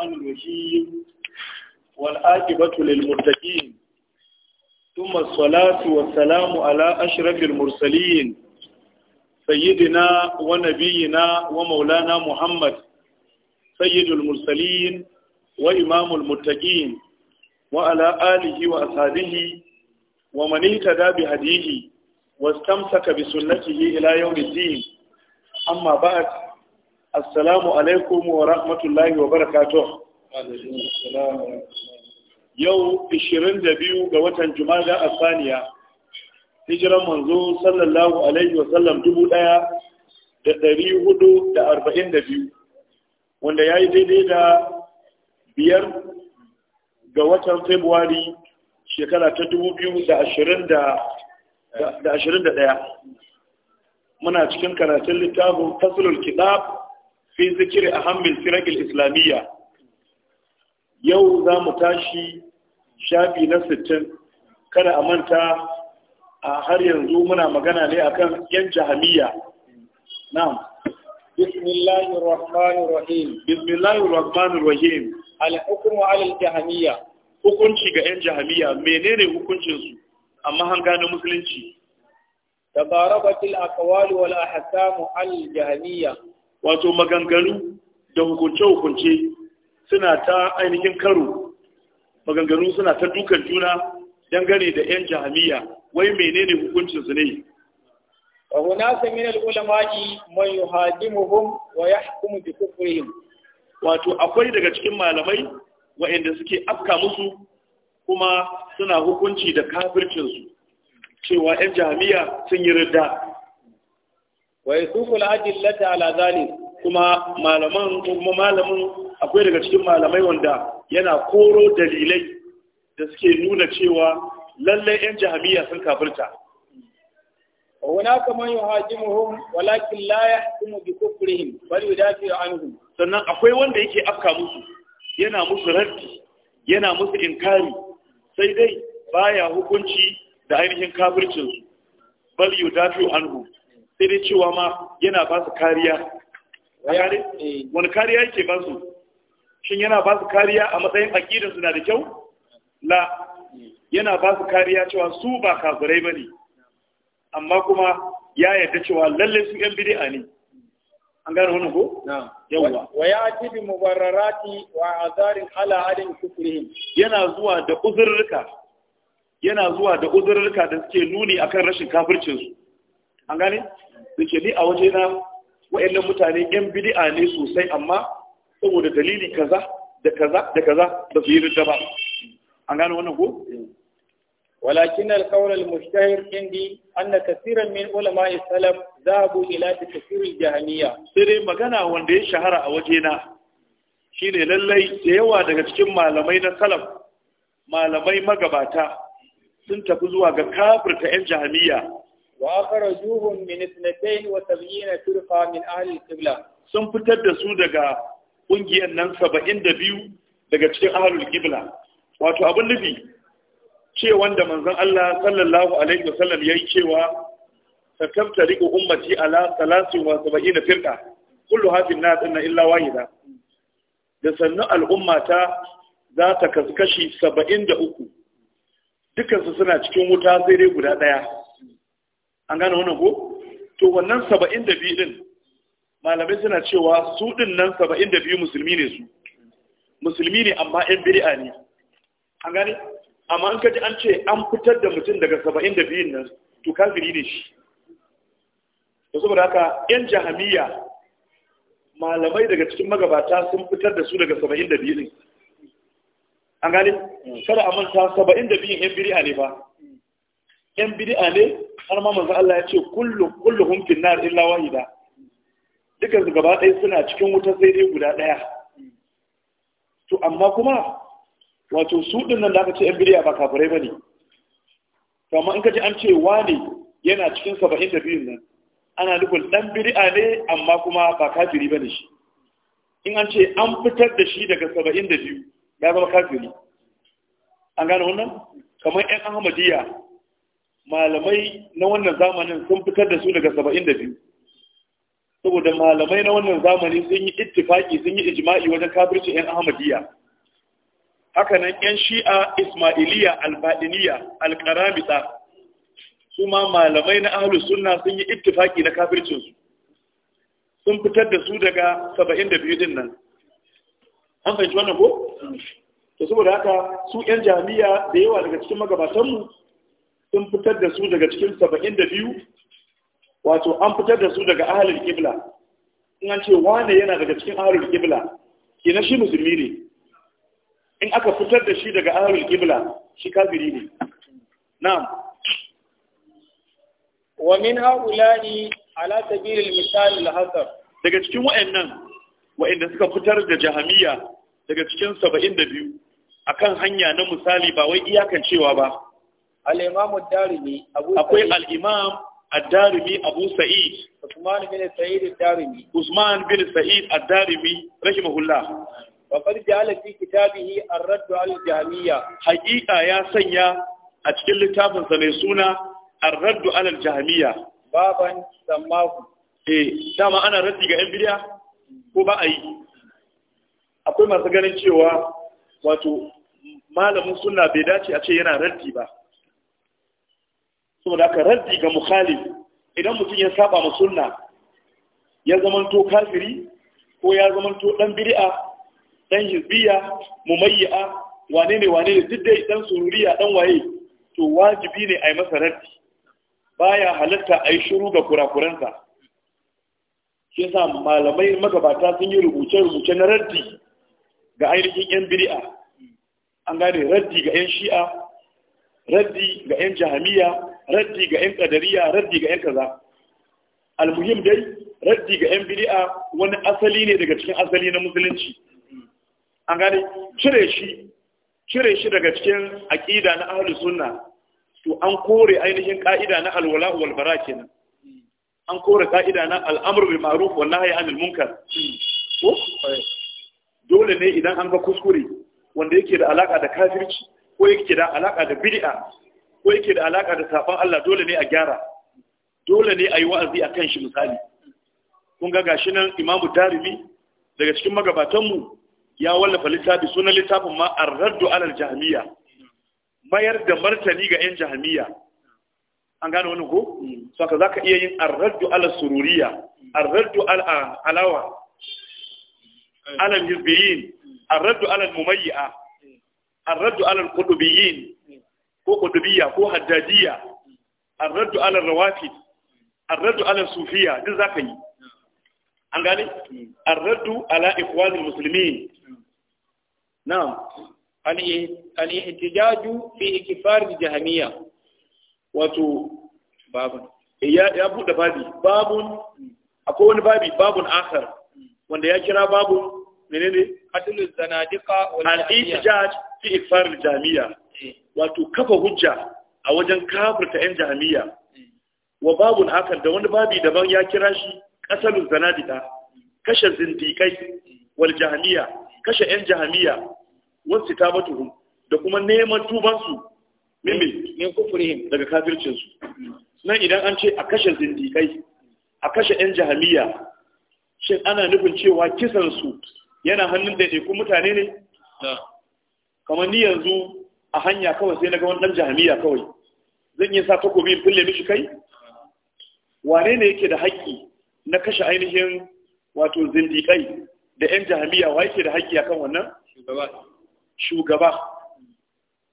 الرحمن الرحيم والآجبة للمتقين ثم الصلاة والسلام على أشرف المرسلين سيدنا ونبينا ومولانا محمد سيد المرسلين وإمام المتقين وعلى آله وأصحابه ومن اهتدى بهديه واستمسك بسنته إلى يوم الدين أما بعد assalamu alaikum wa rahmatullahi wa barakatuh yau 22 ga watan jumada a saniya hijiran manzo sallallahu alaihi wa sallam dubu daya da dari hudu da arba'in da biyu wanda ya yi daidai da biyar ga watan februari shekara ta dubu biyu da ashirin da ashirin muna cikin karatun littafin fasulul kitab fi zikiri a hamil firagil islamiyya yau za mu tashi shafi na sittin kada a manta a har yanzu muna magana ne akan yan jahamiya na bismillahi Rahman rahim bismillahir rahmanir rahim al jahamiya hukunci ga yan jahamiya menene hukuncin su amma han gane musulunci tabarabatil akawali wal ahkam al jahamiya wato maganganu da hukunce-hukunce suna ta ainihin karo maganganu suna ta dukan juna dangane da 'yan jahamiya wai menene hukuncinsu ne na mai من العلماء من يهاجمهم ويحكم بكفرهم wato akwai daga cikin malamai waɗanda suke afka musu kuma suna hukunci da kafircinsu cewa 'yan jami'a sun yi ridda wa yasufu al-ajillata ala zalik kuma malaman kuma malamin akwai daga cikin malamai wanda yana koro dalilai da suke nuna cewa lallai yan jahabiyya sun kafirta wa hunaka man yuhajimuhum walakin la yahkumu bi kufrihim bal yudafi anhum sannan akwai wanda yake afka musu yana musu raddi yana musu inkari sai dai baya hukunci da ainihin kafircinsu bal yudafi anhum sai dai cewa ma yana ba su kariya eh. wani kariya yake ba su shin yana ba su kariya a matsayin aƙidar suna da kyau la yana ba su kariya cewa su ba kafirai ba ne amma kuma ya yarda cewa lallai su yan bidi'a ne an gane wani ko yawwa wa ya ci bi mubararati wa azarin ala adin kufrihim yana zuwa da uzurruka yana zuwa da uzurruka da suke nuni akan rashin kafircin su an gane da ni a waje na wa'annan mutane yan bid'a ne sosai amma saboda dalili kaza da kaza da kaza ba su yi rinta ba an gano wannan ko ولكن القول المشتهر عندي a كثيرا من علماء السلف ذهبوا إلى تكفير الجهمية سيري مغانا وندي شهر أوجينا shine lallai da yawa daga cikin malamai na salaf malamai magabata sun tafi zuwa ga kafirta 'yan jahamiya وجوه من اثنتين وسبعين فرقه من اهل القبلة sun fitar da su daga ƙungiyar nan saba'in da biyu daga cikin ahalul qibla wato abin nufi ce wanda manzon Allah sallallahu alaihi wasallam ya yi cewa ta tabtari ga ummati ala salasin wa saba'in da firka kullu hafin na tsinna illa wahida da sannu al'ummata za ta kaskashi saba'in da uku dukansu suna cikin wuta sai dai guda ɗaya an gane wannan ko to wannan saba'in da biyu din malamai suna cewa su din nan saba'in da biyu musulmi ne su musulmi ne amma yan biri'a ne an gane amma an kaji an ce an fitar da mutum daga saba'in da biyun nan to kafiri ne shi da saboda haka yan jahamiya malamai daga cikin magabata sun fitar da su daga saba'in da biyu din an gane kada a manta saba'in da biyun yan biri'a ne ba yan bidi’a ne har ma manzo Allah ya ce kullu kulluhum fi nar illa wahida duka su gaba ɗaya suna cikin wuta sai dai guda ɗaya to amma kuma wato su ɗin nan da aka ce yan bidi’a ba kafirai bane to amma in ka ji an ce wani yana cikin saba'in da biyun nan ana nufin ɗan bidi’a ne amma kuma ba kafiri ba ne shi in an ce an fitar da shi daga saba'in da biyu, ya zama kafiri an gane wannan kamar yan ahmadiyya malamai na wannan zamanin sun fitar da su daga saba'in da biyu saboda malamai na wannan zamani sun yi ittifaki sun yi ijma'i wajen kafirci 'yan ahmadiyya hakanan 'yan shi'a ismailiyya albadiniya alƙaramita su ma malamai na ahlus sunna sun yi ittifaki na kafircinsu sun fitar da su daga saba'in da biyu din nan an fahimci wannan ko? to saboda haka su 'yan jami'a da yawa daga cikin magabatanmu sun fitar da su daga cikin saba'in da biyu wato an fitar da su daga ahalin ƙibla in an ce wane yana daga cikin ahalin ke na shi musulmi ne in aka fitar da shi daga ahalin ƙibla shi kafiri ne Na. wa min haulani ala sabil al-misal al-hasar daga cikin wayannan wayanda suka fitar da jahamiya daga cikin 72 akan hanya na misali ba wai iyakan cewa ba al-imam akwai al-imam abu sa'id usman bin sa'id ad-darimi usman bin sa'id ad-darimi rahimahullah wa qad ja'ala fi kitabihi ar-radd al-jahmiyya haqiqa ya sanya a cikin littafinsa mai suna ar raddu 'ala al-jahmiyya baban sammahu eh dama ana raddi ga yan bid'a ko ba a yi akwai masu ganin cewa wato malamin suna bai dace a ce yana raddi ba saboda haka raddi ga mukhalif idan mutum ya saba ma sunna ya zamanto kafiri ko ya zamanto dan bid'a dan hizbiya mumayya wane ne wane ne duk dai dan sururiya dan waye to wajibi ne a yi masa raddi baya halatta a yi shiru ga kurakuransa shi yasa malamai magabata sun yi rubuce-rubuce na raddi ga ainihin 'yan bid'a an gane raddi ga 'yan shi'a raddi ga 'yan jahamiya raddi ga yan kadariya raddi ga yan kaza almuhim dai raddi ga yan bid'a wani asali ne daga cikin asali na musulunci an gane cire shi cire shi daga cikin aqida na ahlus sunna to an kore ainihin ka'ida na alwala wal bara kenan an kore ka'ida na al'amru bil ma'ruf wan nahyi anil munkar dole ne idan an ga kuskure wanda yake da alaka da kafirci ko yake da alaka da bid'a ko yake da alaka da safan Allah dole ne a gyara dole ne a yi wa'azi a kan shi misali kun ga gashi nan imamu darimi daga cikin magabatanmu ya wallafa littafi sunan littafin ma ar-raddu alal jahmiya mayar da martani ga yan jahmiya an gane wani ko so ka zaka iya yin ar-raddu sururiya ar-raddu al alawa alal hizbiyin ar-raddu alal mumayyi'a ar-raddu alal qutubiyin ko kudubiya ko haddadiya. ar-radd ala rawafid ar-radd ala sufiyya duk zaka yi an gane ar ala ikhwan al-muslimin na'am al-ihtijaj fi kifar jahmiyya wato babun eh, ya ya bude babi babun akwai wani babi babun akhar wanda ya kira babun menene qatluz zanadiqa wal ihtijaj fi ikfarar jami'a eh. wato kafa hujja a wajen kafirta 'yan jami'a wa babu hakan da wani babi daban ya kira shi ƙasalin zanadika kashe zindikai, wal jami'a kashe 'yan jami'a wasu ta matuhun da kuma neman tubansu mimi daga kafircinsu nan idan an ce a kashe zindikai, a kashe 'yan jami'a shin ana nufin cewa kisansu yana hannun da mutane ne kamar ni yanzu a hanya kawai sai na ga wani ɗan jahamiya kawai zan yi sa takobi in fille mishi kai wane ne yake da haƙƙi na kashe ainihin wato zindiƙai da 'yan jahamiya wa yake da haƙƙi akan wannan shugaba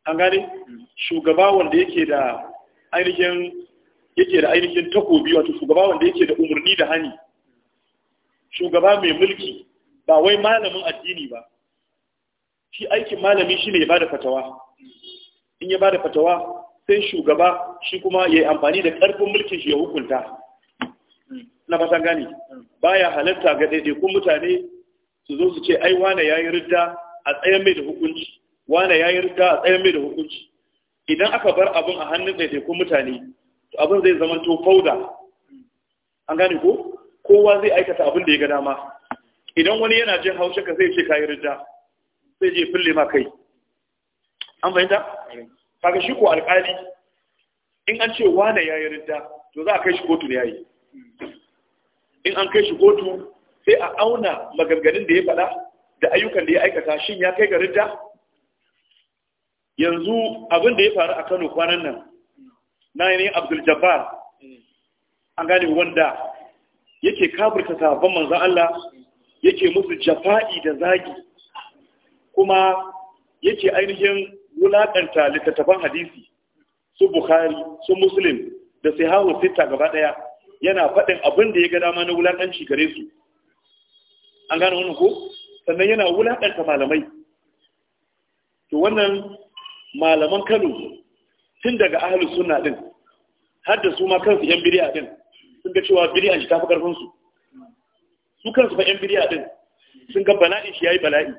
an gane mm. shugaba wanda yake da ainihin yake da ainihin takobi wato shugaba wanda yake da umarni da hani shugaba mai mulki ba wai malamin addini ba shi aikin malami shi ne ya bada fatawa in ya bada fatawa sai shugaba shi kuma ya yi amfani da ƙarfin mulkin shi ya hukunta na fasan gani baya halatta ga daidai kun mutane su zo su ce ai wane ya yi ridda a tsayan mai da hukunci wane ya yi ridda a tsayan mai da hukunci idan aka bar abin a hannun kun mutane to abin zai zama to fauda an gane ko kowa zai aikata abin da ya ga dama idan wani yana jin haushe ka zai ce ka yi ridda sai je fille ma kai an fahimta kaga shi ko alƙali in an ce wane ya yi ridda to za a kai shi kotu ne ya yi in an kai shi kotu sai a auna maganganun da ya faɗa da ayyukan da ya aikata shin ya kai ga ridda yanzu abin da ya faru a kano kwanan nan na yi ne abdul jabbar an gane wanda yake kafirta sabon manzan Allah yake musu jafa'i da zagi kuma yake ainihin wulaƙanta littattafan hadisi su bukhari su muslim da Hawa sita gaba ɗaya yana faɗin abin da ya ga dama na wulaƙanci gare su an gane wannan ko sannan yana wulaƙanta malamai to wannan malaman Kano tun daga ahlus sunna din har da su ma kansu yan bid'a din sun ga cewa bid'a shi tafi karfin su su kansu fa yan bid'a din sun ga bala'i shi yayi bala'i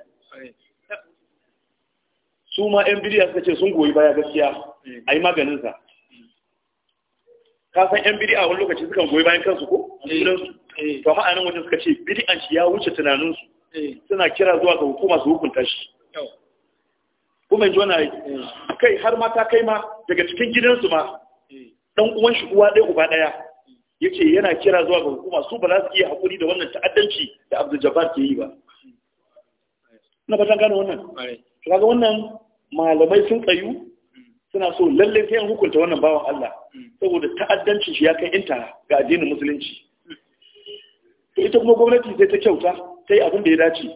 su ma yan bidiya suka ce sun goyi baya gaskiya a yi maganinsa ka san yan bidiya wani lokaci sukan goyi bayan kansu ko eh, eh. to ma'anin wajen suka ce bidiyan shi ya wuce tunaninsu eh. suna kira zuwa ga hukuma su hukunta shi kuma in jona kai har mata kai ma daga cikin gidansu ma dan uwan shi uwa ɗaya uba ɗaya ce yana kira zuwa ga hukuma su ba za su iya haƙuri da wannan ta'addanci da Abdul Jabbar ke yi ba na fatan gane wannan to kaga wannan malamai sun tsayu suna so lallai sai an hukunta wannan bawan Allah saboda ta'addanci shi ya kai inta ga addinin musulunci to ita kuma gwamnati sai ta kyauta ta yi abin da ya dace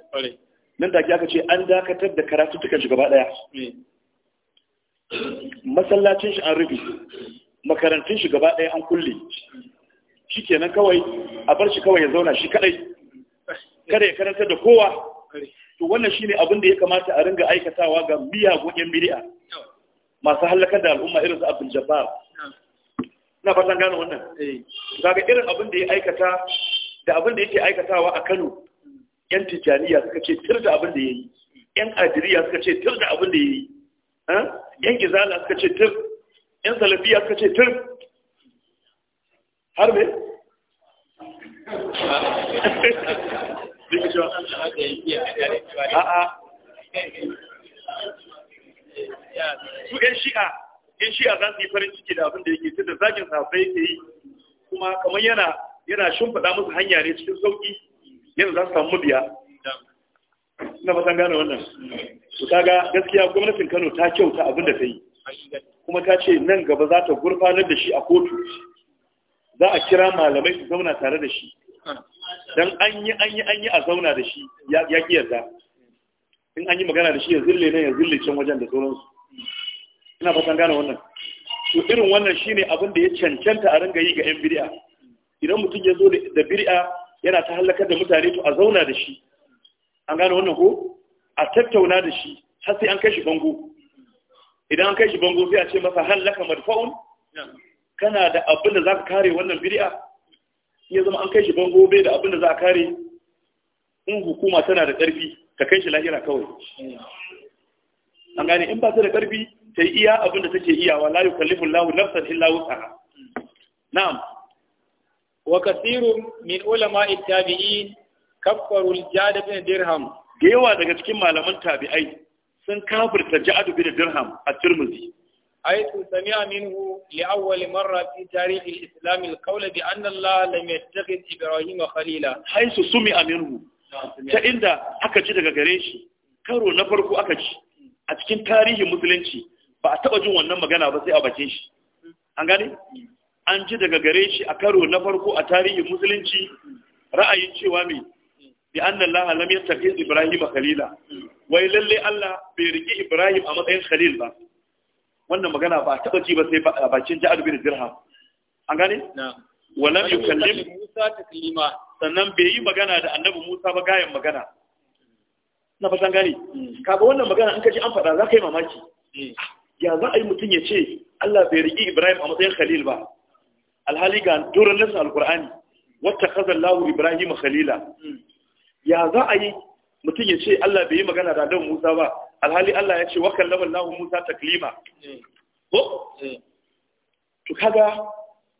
nan da aka ce an dakatar da karatuttukan shi gaba daya eh. masallacin shi an rufe makarantun shi gaba daya an kulle shikenan kawai a bar shi kawai ya zauna shi kadai kada ya karantar da kowa to wannan shine abin da ya kamata a ringa aikatawa ga miyagun yan bid'a masu halakar da al'umma irin su abin Jabbar ina fatan gano wannan eh. kaga irin abin da ya aikata da abin da yake aikatawa a Kano yan Tijaniya suka ce tir da abin da yayi yan Adiriya suka ce tir da abin da yayi eh? yan gizala suka ce tir yan Salafiya suka ce tir har me su yan shi'a yan shi'a za su yi farin ciki da abin da yake da zagin sahabbai yake yi kuma kamar yana yana shimfiɗa musu hanya ne cikin sauƙi yadda za su samu mabiya ina fatan gane wannan to kaga gaskiya gwamnatin Kano ta kyauta abin da ta yi kuma ta ce nan gaba za ta gurfanar da shi a kotu za a kira malamai su zauna tare da shi dan an yi an yi an yi a zauna da shi ya ki yarda in an yi magana da shi ya zille nan ya zille can wajen da sauransu ina fatan gane wannan to irin wannan shine abin da ya cancanta a ringa yi ga yan bid'a idan mutum ya zo da bid'a yana ta halakar da mutane to a zauna da shi an gane wannan ko a tattauna da shi har sai an kai shi bango idan an kai shi bango sai a ce masa halaka madfa'un kana da abin da zaka kare wannan bid'a ya zama an kai shi bango bai da abin da za a kare in hukuma tana da ƙarfi ka kai shi lahira kawai an gane in ba ta da ƙarfi ta yi iya abin da take iyawa kallifin lawu Allahu hin lawu wus'aha na'am wa kasiru min ulama'i tabi'in kaffaru al-jad bin dirham da yawa daga cikin malaman tabi'ai sun kafirta ja'ad bin dirham a turmuzi حيث سمع منه لأول مرة في تاريخ الإسلام القول بأن الله لم يتخذ إبراهيم خليلا حيث سمع منه تإند أكجد غريش كارو نفرق أكج أتكين تاريخ مسلنشي فأتوجه ونما غنى بسي أبجيش أنغاني an ji daga gare shi a karo na farko a tarihin musulunci ra'ayin cewa mai bi anna Allah lam yattakhidh Ibrahim khalila wai lallai Allah bai riki Ibrahim a matsayin khalil ba wannan magana ba a taɓa ji ba sai a bakin ja'ad bin zirha an gane walam yukallim Musa taklima sannan bai yi magana da annabi Musa ba gayan magana na fatan gane hmm. kaga wannan magana in ka ji an faɗa za ka yi mamaki hmm. ya za a yi mutum ya ce Allah bai riƙi Ibrahim a matsayin Khalil ba alhali ga doron nasin alkur'ani wata kazan lahu Ibrahim Khalila hmm. ya za a yi mutum ya ce Allah bai yi magana da annabi Musa ba alhali Allah ya ce wa kallama Allah Musa taklima ko to kaga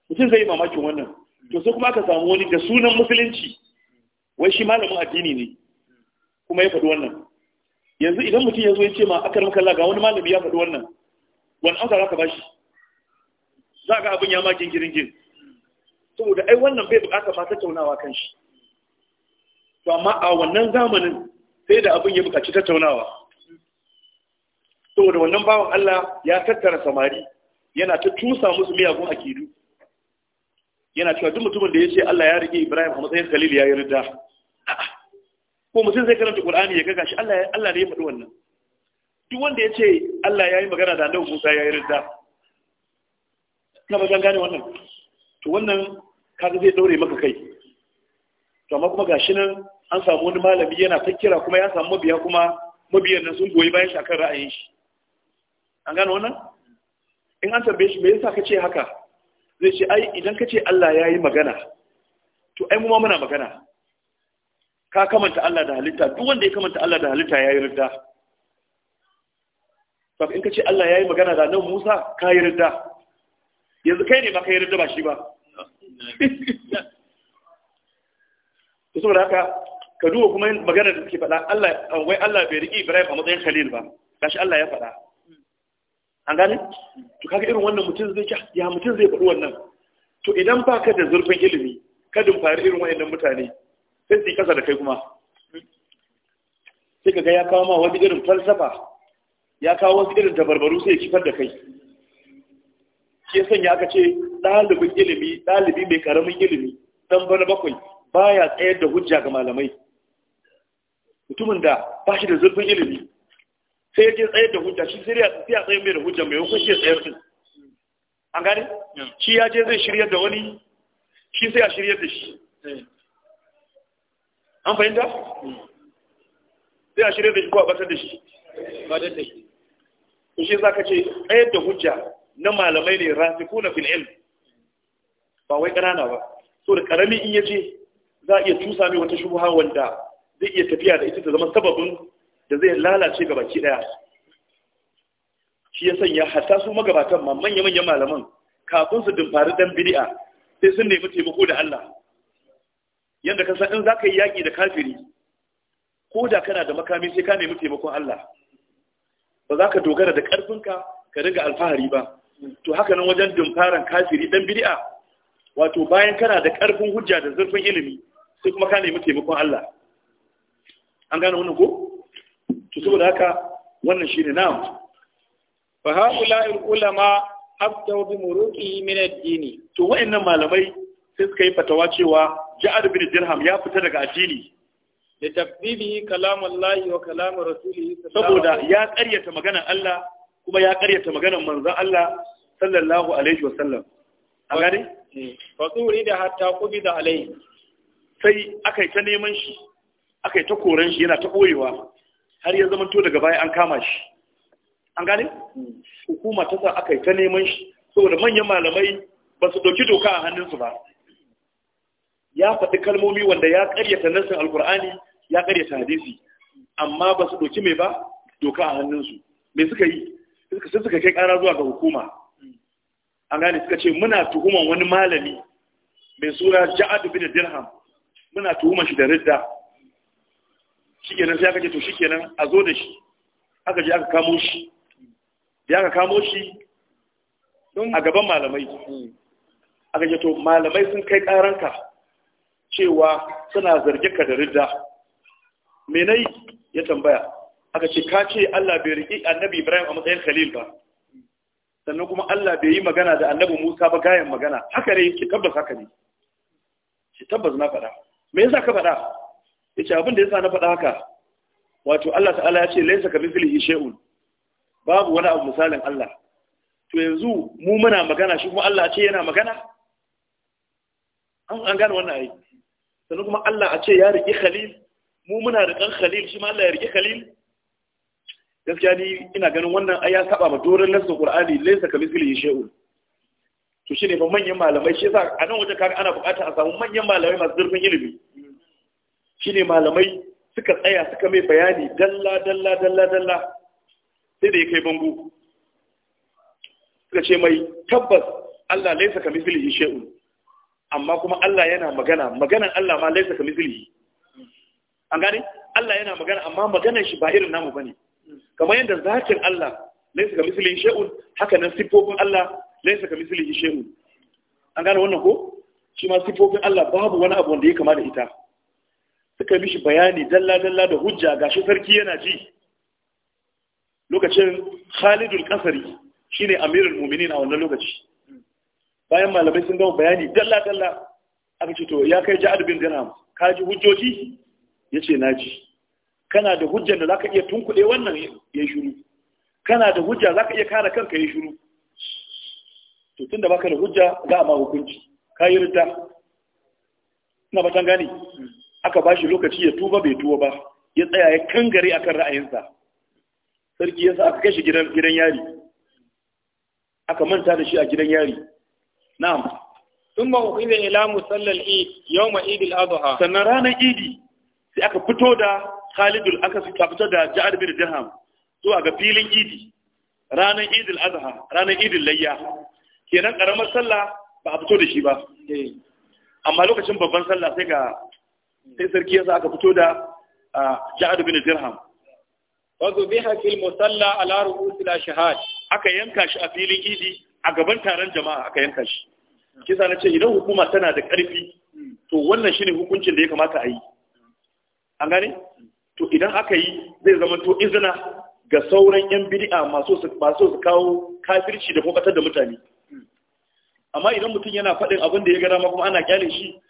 mutum zai mamakin wannan to sai kuma aka samu wani da sunan musulunci wai shi malamin addini ne kuma ya faɗi wannan yanzu idan mutum ya zo ya ce ma akar makalla ga wani malami ya faɗi wannan wani an za ka ba shi za ga abin ya ma gin. saboda ai wannan bai buƙata ma tattaunawa kan shi to amma a wannan zamanin sai da abin ya bukaci tattaunawa saboda wannan bawan Allah ya tattara samari yana ta tusa musu miyagun akidu yana cewa duk mutumin da ya ce Allah ya rike Ibrahim a matsayin Khalil ya yi rida ko mutum zai karanta Qur'ani ya gaga shi Allah Allah ne ya faɗi wannan duk wanda ya ce Allah ya yi magana da Annabi Musa ya yi na ba gane wannan to wannan kaga zai daure maka kai to amma kuma gashi nan an samu wani malami yana ta kira kuma ya samu mabiya kuma mabiyan nan sun goyi bayan shi ra'ayin shi an gano wannan in an tambaye shi me yasa kace haka zai ce ai idan kace Allah ya yi magana to ai mu ma muna magana ka kamanta Allah da halitta duk wanda ya kamanta Allah da halitta ya yi ridda to in kace Allah ya yi magana da nan Musa ka yi ridda yanzu kai ne ba ka yi ridda ba shi ba to haka ka duba kuma magana da suke faɗa Allah wai Allah bai riƙi Ibrahim a matsayin Khalil ba gashi Allah ya faɗa an gane to kaga irin wannan mutum zai ci ya mutum zai faɗi wannan to idan ba ka da zurfin ilimi kadin fari irin wayannan mutane sai su yi kasa da kai kuma sai kaga ya kawo ma wani irin falsafa ya kawo wasu irin tabarbaru sai ya kifar da kai shi ya sanya aka ce ɗalibin ilimi ɗalibi mai karamin ilimi dan bana bakwai baya tsayar da hujja ga malamai mutumin da ba shi da zurfin ilimi sai ya je tsayar da hujja shi shirya ya tsayar mai da hujja mai hukunci ya tsayar sun an gane shi ya je zai shirya da wani shi sai a shirya da shi an fahimta mm. sai a shirya da shi ko a batar da shi to shi ka ce tsayar da hujja na malamai ne ko fil ilm ba wai ƙanana ba so da karami in yace za a iya tusa mai wata shubuha wanda zai iya tafiya da ita ta zama sababin da zai lalace ga baki daya shi ya sanya hatta su magabatan ma manya-manyan malaman kafin su dumfari dan bid'a sai sun nemi taimako da Allah yanda ka san in zaka yi yaki da kafiri ko da kana da makami sai ka nemi taimakon Allah ba za ka dogara da karfinka ka riga alfahari ba to haka nan wajen dumfaran kafiri dan bid'a wato bayan kana da karfin hujja da zurfin ilimi sai kuma ka nemi taimakon Allah an gane wannan ko to saboda haka wannan ne na'am fa haula ulama abdau bi muruqi min ad-dini to wayannan malamai sai suka yi fatawa cewa ja'ad bin dirham ya fita daga addini da tabbibi kalam Allah wa kalam rasulih saboda ya ƙaryata maganar Allah kuma ya ƙaryata maganar manzon Allah sallallahu alaihi wasallam a gane fa tsuri da hatta da alaihi sai akai ta neman shi akai ta koran shi yana ta koyewa har ya zamanto daga baya an kama shi an gane hukuma ta sa aka yi ta neman shi saboda manyan malamai ba su ɗauki doka a hannunsu ba ya faɗi kalmomi wanda ya ƙaryata nassin alkur'ani ya ƙaryata hadisi amma ba su ɗauki mai ba doka a hannunsu me suka yi sai suka kai ƙara zuwa ga hukuma an gane suka ce muna tuhuman wani malami mai sura ja'ad bin dirham muna tuhuman shi da ridda shikenan sai aka ce to shikenan a zo da shi aka ji aka kamo shi da aka kamo shi a gaban malamai hmm. aka ce to malamai sun kai karanka cewa suna zarge ka da ridda menai ya tambaya aka ce ka ce Allah bai riƙi annabi Ibrahim a matsayin khalil ba sannan kuma Allah bai yi magana da annabi Musa ba gayan magana haka ne ki tabbas haka ne ki tabbas na faɗa me yasa ka faɗa yace abin da yasa na faɗa haka wato Allah ta'ala ya ce laysa ka mithlihi shay'un babu wani abu misalin Allah to yanzu mu muna magana shi kuma Allah ce yana magana an gane wannan ayi sannan kuma Allah a ce ya riki khalil mu muna riƙan khalil shi ma Allah ya riki khalil gaskiya ni ina ganin wannan ai ya saba ma doron nasin Qur'ani laysa ka mithlihi shay'un to shine ba manyan malamai shi yasa a nan wajen kaga ana buƙatar a samu manyan malamai masu zurfin ilimi shine malamai suka tsaya suka mai bayani dalla dalla dalla dalla sai da ya kai bango suka ce mai tabbas Allah laisa ka mislihi shay'un amma kuma Allah yana magana maganan Allah ma laisa ka mislihi an gane Allah yana magana amma maganar shi ba irin namu bane kamar yadda zakin Allah laisa ka mislihi shay'un haka nan sifofin Allah laisa ka mislihi shay'un an gane wannan ko shi ma sifofin Allah babu wani abu wanda ya kama da ita suka mishi bayani dalla-dalla da hujja ga shi sarki yana ji lokacin khalidul kasari shine amirul muminin a wannan lokaci bayan malamai sun gama bayani dalla-dalla aka ce to ya kai ji bin gana ka ji hujjoji yace na ji kana da hujjar da zaka iya tunkuɗe wannan ya shiru kana da hujja zaka iya kare kanka ya shiru to tunda baka da hujja za a ma hukunci ka yi rita. ina ba gane aka ba shi lokaci ya tuba bai tuba ba ya tsaya ya kangare akan ra'ayinsa sarki yasa aka kai gidan yari aka manta da shi a gidan yari na'am thumma ukhidha ila musallal eid yau ma al-adha sannan ranar idi sai aka fito da Khalidul aka fito da ja'ar bin Dirham zuwa ga filin idi ranar idi al ranar Eid layya kenan karamar sallah ba a fito da shi ba eh. amma lokacin babban sallah sai ga sai sarki yasa aka fito da ja'ad bin dirham wa zubiha fil musalla ala ru'usil ashhad aka yanka shi a filin idi a gaban taron jama'a aka yanka shi kisa na idan hukuma tana da karfi to wannan shine hukuncin da ya kamata a yi an gane to idan aka yi zai zama to izina ga sauran yan bid'a masu su kawo kafirci da kokatar da mutane amma idan mutum yana faɗin abin da ya ga rama kuma ana kyale shi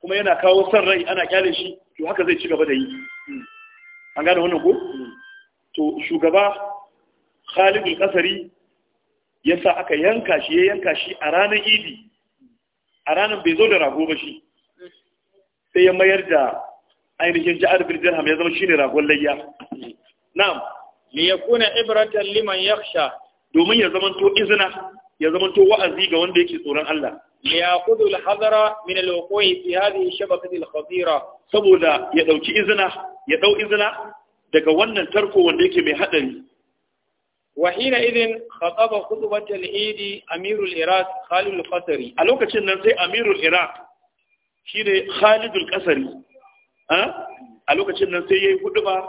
kuma yana kawo son rai ana kyale shi to haka zai ci gaba da yi an gane wannan ko to shugaba khalidul al ya aka yanka shi ya yanka shi a ranar Idi a ranar bai zo da rago ba shi sai ya mayar da ainihin ja'ar bin dirham ya zama shine ragon layya na'am li yakuna ibratan liman yakhsha domin ya zama to izina ya zama to wa'azi ga wanda yake tsoron Allah ya kudu al-hadara min al wuqui fi hadhihi shabakati al-khatira saboda ya dauki izina ya dau izina daga wannan tarko wanda yake mai hadari wa hina idin khataba khutbat al-eid al iraq khalid al-qasri a lokacin nan sai al iraq shine khalid al-qasri a lokacin nan sai yayi huduba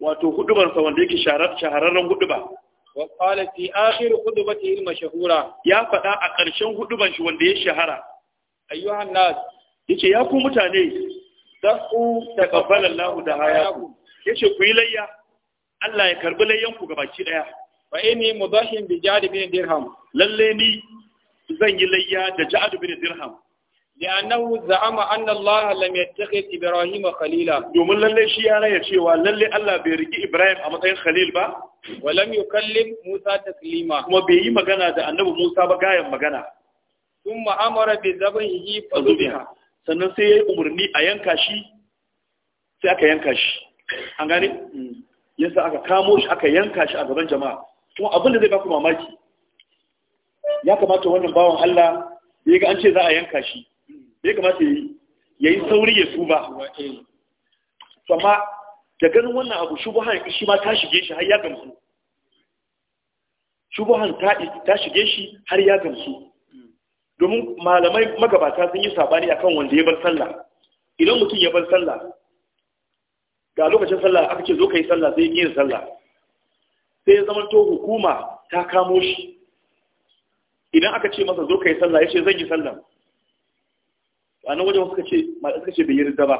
wato hudubar sa wanda yake shahararren huduba wa qala fi akhir khutbatihi al-mashhura ya faɗa a ƙarshen huduban shi wanda ya shahara ayyuhan nas yace ya ku mutane daku taqabbala Allahu da hayaku yace ku yi layya Allah ya karbi layyan ku gabaki daya fa inni mudahin bi jadi bin dirham Lallai ni zan yi layya da jadi bin dirham لأنه زعم أن الله لم يتخذ إبراهيم خليلا domin lalle shi yana ya cewa lallai, Allah bai riki Ibrahim a matsayin Khalil ba walam yukallim Musa taklima kuma bai yi magana da Annabi Musa ba gayan magana sannan sai yi umarni a yanka shi sai aka yanka shi an gane yasa aka kamo shi aka yanka shi a gaban jama'a kuma abin da zai baku mamaki ya kamata wannan bawan Allah da ya ga an ce za a yanka shi ya kamata ya yi sauri ya tuba amma da ganin wannan abu shubuhan shi ma ta shige shi har ya gamsu shubuhan ta shige shi har ya gamsu domin malamai magabata sun yi sabani akan wanda ya bar sallah idan mutum ya bar sallah ga lokacin sallah aka ce zo ka yi sallah zai yi sallah sai ya zamanto hukuma ta kamo shi idan aka ce masa zo ka yi sallah ya ce zan yi sallah wani wajen suka ce suka ce bai yarda ba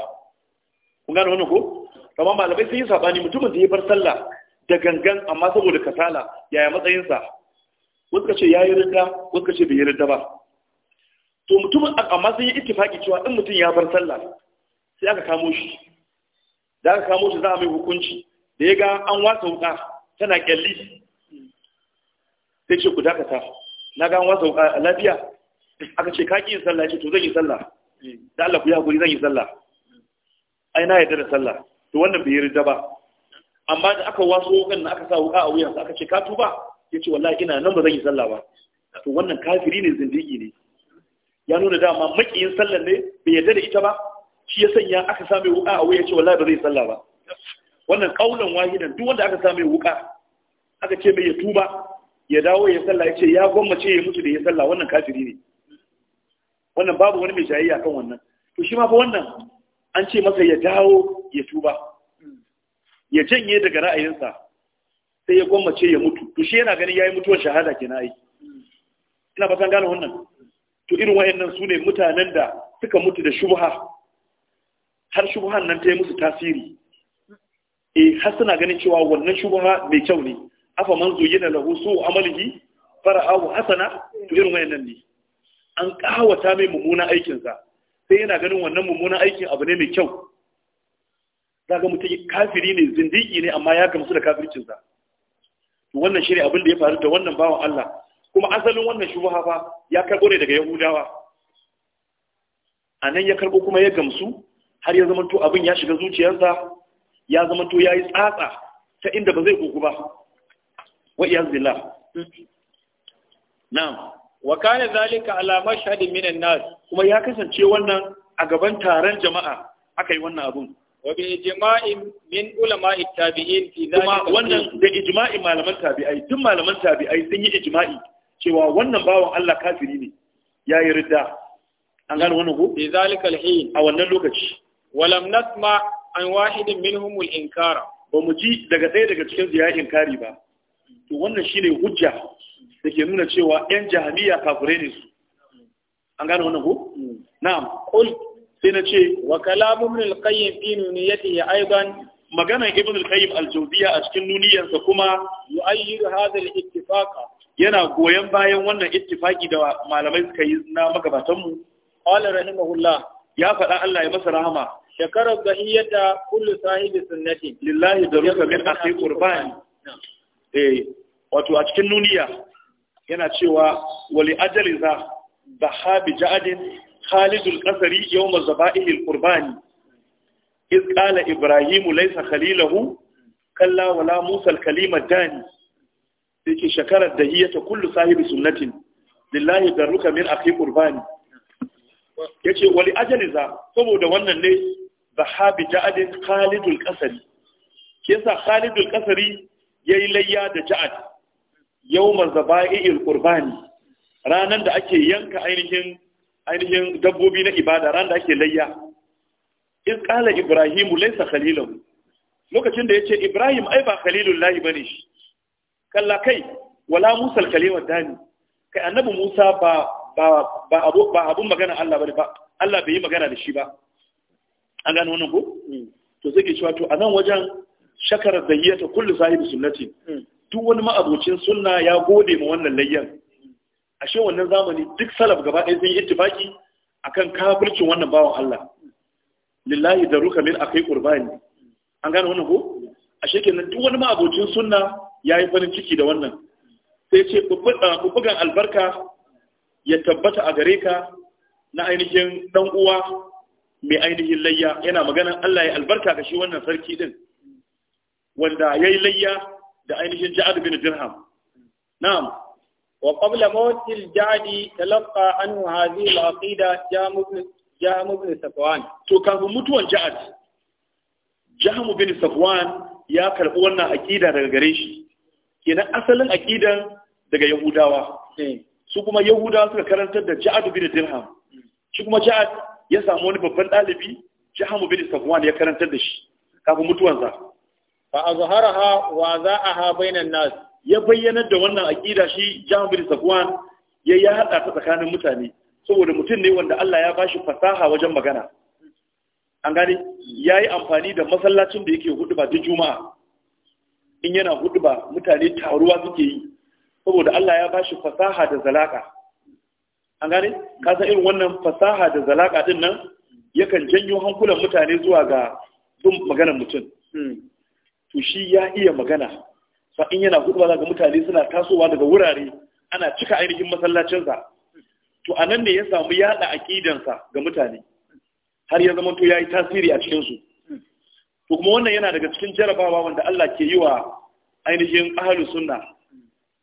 kun gane wani ko kamar malamai sun yi sabani mutumin da ya bar sallah da gangan amma saboda kasala yaya matsayinsa wasu ka ce ya yi rinda wasu ka ce bai yi rinda ba to mutumin amma sun yi ittifaki cewa in mutum ya bar sallah sai aka kamo shi da aka kamo shi za a mai hukunci da ya ga an wasa wuka tana kyalli sai ce ku dakata na ga an wasa wuka lafiya aka ce ka ƙi yin sallah ce to zan yi sallah da Allah ku yi hakuri zan yi sallah ai na yadda da sallah to wannan bai yarda ba amma da aka waso kan da aka sa wuka a wuyansa aka ce ka tuba yace wallahi ina nan ba zan yi sallah ba to wannan kafiri ne zindigi ne ya nuna da amma makiyin sallar ne bai yarda da ita ba shi ya sanya aka same wuka a wuya ce wallahi ba zai sallah ba wannan kaulan wahidan duk wanda aka same wuka aka ce bai ya tuba ya dawo ya sallah ya ce ya ce ya mutu da ya sallah wannan kafiri ne wannan babu wani mai jayayya kan wannan to shi ma fa wannan an ce masa ya dawo ya tuba ya janye daga ra'ayinsa sai ya gwammace ya mutu to shi yana ganin yayi mutuwar shahada kenan ai ina fatan gane wannan to irin wayannan su ne mutanen da suka mutu da shubha har shubhan nan ta yi musu tasiri eh har suna ganin cewa wannan shubha mai kyau ne afa manzo yana lahu su amalihi fara'ahu hasana to irin wayannan ne an ƙawata mai mummunan aikinsa sai yana ganin wannan mummunan aikin abu ne mai kyau za ga mutum kafiri ne zindiki ne amma ya gamsu da kafircinsa wannan shi ne abin da ya faru da wannan bawan Allah kuma asalin wannan shubaha fa ya karɓo ne daga yahudawa a nan ya karɓo kuma ya gamsu har ya zamanto abin ya shiga zuciyarsa ya zamanto ya yi tsatsa ta inda ba zai gugu ba wa iyaz na'am wa kana zalika ala mashhadin minan nas kuma ya kasance wannan a gaban taron jama'a aka yi wannan abun wa bi ijma'in min ulama'i tabi'in fi zalika kuma wannan da ijma'in malaman tabi'ai tun malaman tabi'ai sun yi ijma'i cewa wannan bawan Allah kafiri ne ya yi ridda an gane wannan ko bi zalika alhin a wannan lokaci walam nasma an wahidin minhum al-inkara ba mu ji daga ɗaya daga cikin ziyarin kari ba to wannan shine hujja da ke nuna cewa ‘yan jahamiya kafirai ne su an gane wannan ku? na'am kul sai na ce wa kalamun alƙayyar inu fi yake ya aiban maganan ibn alƙayyar qayyim a cikin nuniyarsa kuma yi hadha hadar ittifaka yana goyon bayan wannan ittifaki da malamai suka yi na magabatanmu. mu qala rahimahullah ya faɗa Allah ya masa rahama shakara zahiyata kullu sahibi sunnati lillahi daruka min a kai eh, wato a cikin nuniya yana cewa wali ajali za da habi ja'adin khalidul qasari yawm zaba'il qurbani iz qala ibrahimu laisa khalilahu kalla wala musa kalima dani yake shakarar da hiyata kullu sahibi sunnatin lillahi darruka min kurbani qurbani yace wali ajali za saboda wannan ne da habi ja'adin khalidul qasari yasa khalidul ya yayi layya da ja'ad yawma zaba'il qurbani ranan da ake yanka ainihin ainihin dabbobi na ibada ranan da ake layya in kala ibrahim laysa khalilan lokacin da yace ibrahim ai ba khalilullahi bane shi kalla kai wala musa al dani kai annabi musa ba ba ba abu ba abun magana Allah bane ba Allah bai yi magana da shi ba an gano wannan ko hmm. to sai ke cewa to a nan wajen shakar zayyata kullu sahibi sunnati hmm. duk wani ma'abocin sunna ya gode ma wannan layyan ashe wannan zamani duk salaf gaba ɗaya sun yi ittifaki akan kafircin wannan bawan Allah lillahi da ruka min akai qurbani an gane wannan ko ashe kenan duk wani ma'abocin sunna yayi farin ciki da wannan sai ce bubugan albarka ya tabbata a gare ka na ainihin dan uwa mai ainihin layya yana maganan Allah ya albarka ga shi wannan sarki din wanda yayi layya da ainihin ja'ad bin dirham na'am wa qabla al jadi talaqa anhu hadhihi al-aqida jamu ibn jam safwan to kafin mutuwan ja'ad jamu bin safwan ya karbi wannan aqida daga gare shi kenan asalin aqidan daga yahudawa eh. su kuma yahudawa suka karantar da ja'ad bin dirham shi kuma ja'ad ya samu wani babban dalibi jamu bin safwan ya karantar da shi kafin mutuwansa fa azharaha wa za'aha bainan nas ya bayyana da wannan aqida shi Jahm bin Safwan ya ya hada ta tsakanin mutane saboda mutum ne wanda Allah ya bashi fasaha wajen magana an gane yayi amfani da masallacin da yake huduba duk juma'a in yana huduba mutane taruwa suke yi saboda Allah ya bashi fasaha da zalaka an gane ka san irin wannan fasaha da zalaka din nan yakan janyo hankulan mutane zuwa ga dun maganar mutum hmm. to shi ya iya magana fa in yana hudu ga mutane suna tasowa daga wurare ana cika ainihin masallacinsa to a nan ne ya samu yada aƙidansa ga mutane har ya zama to ya yi tasiri a cikinsu to kuma wannan yana daga cikin jarabawa wanda Allah ke yi wa ainihin ahalus sunna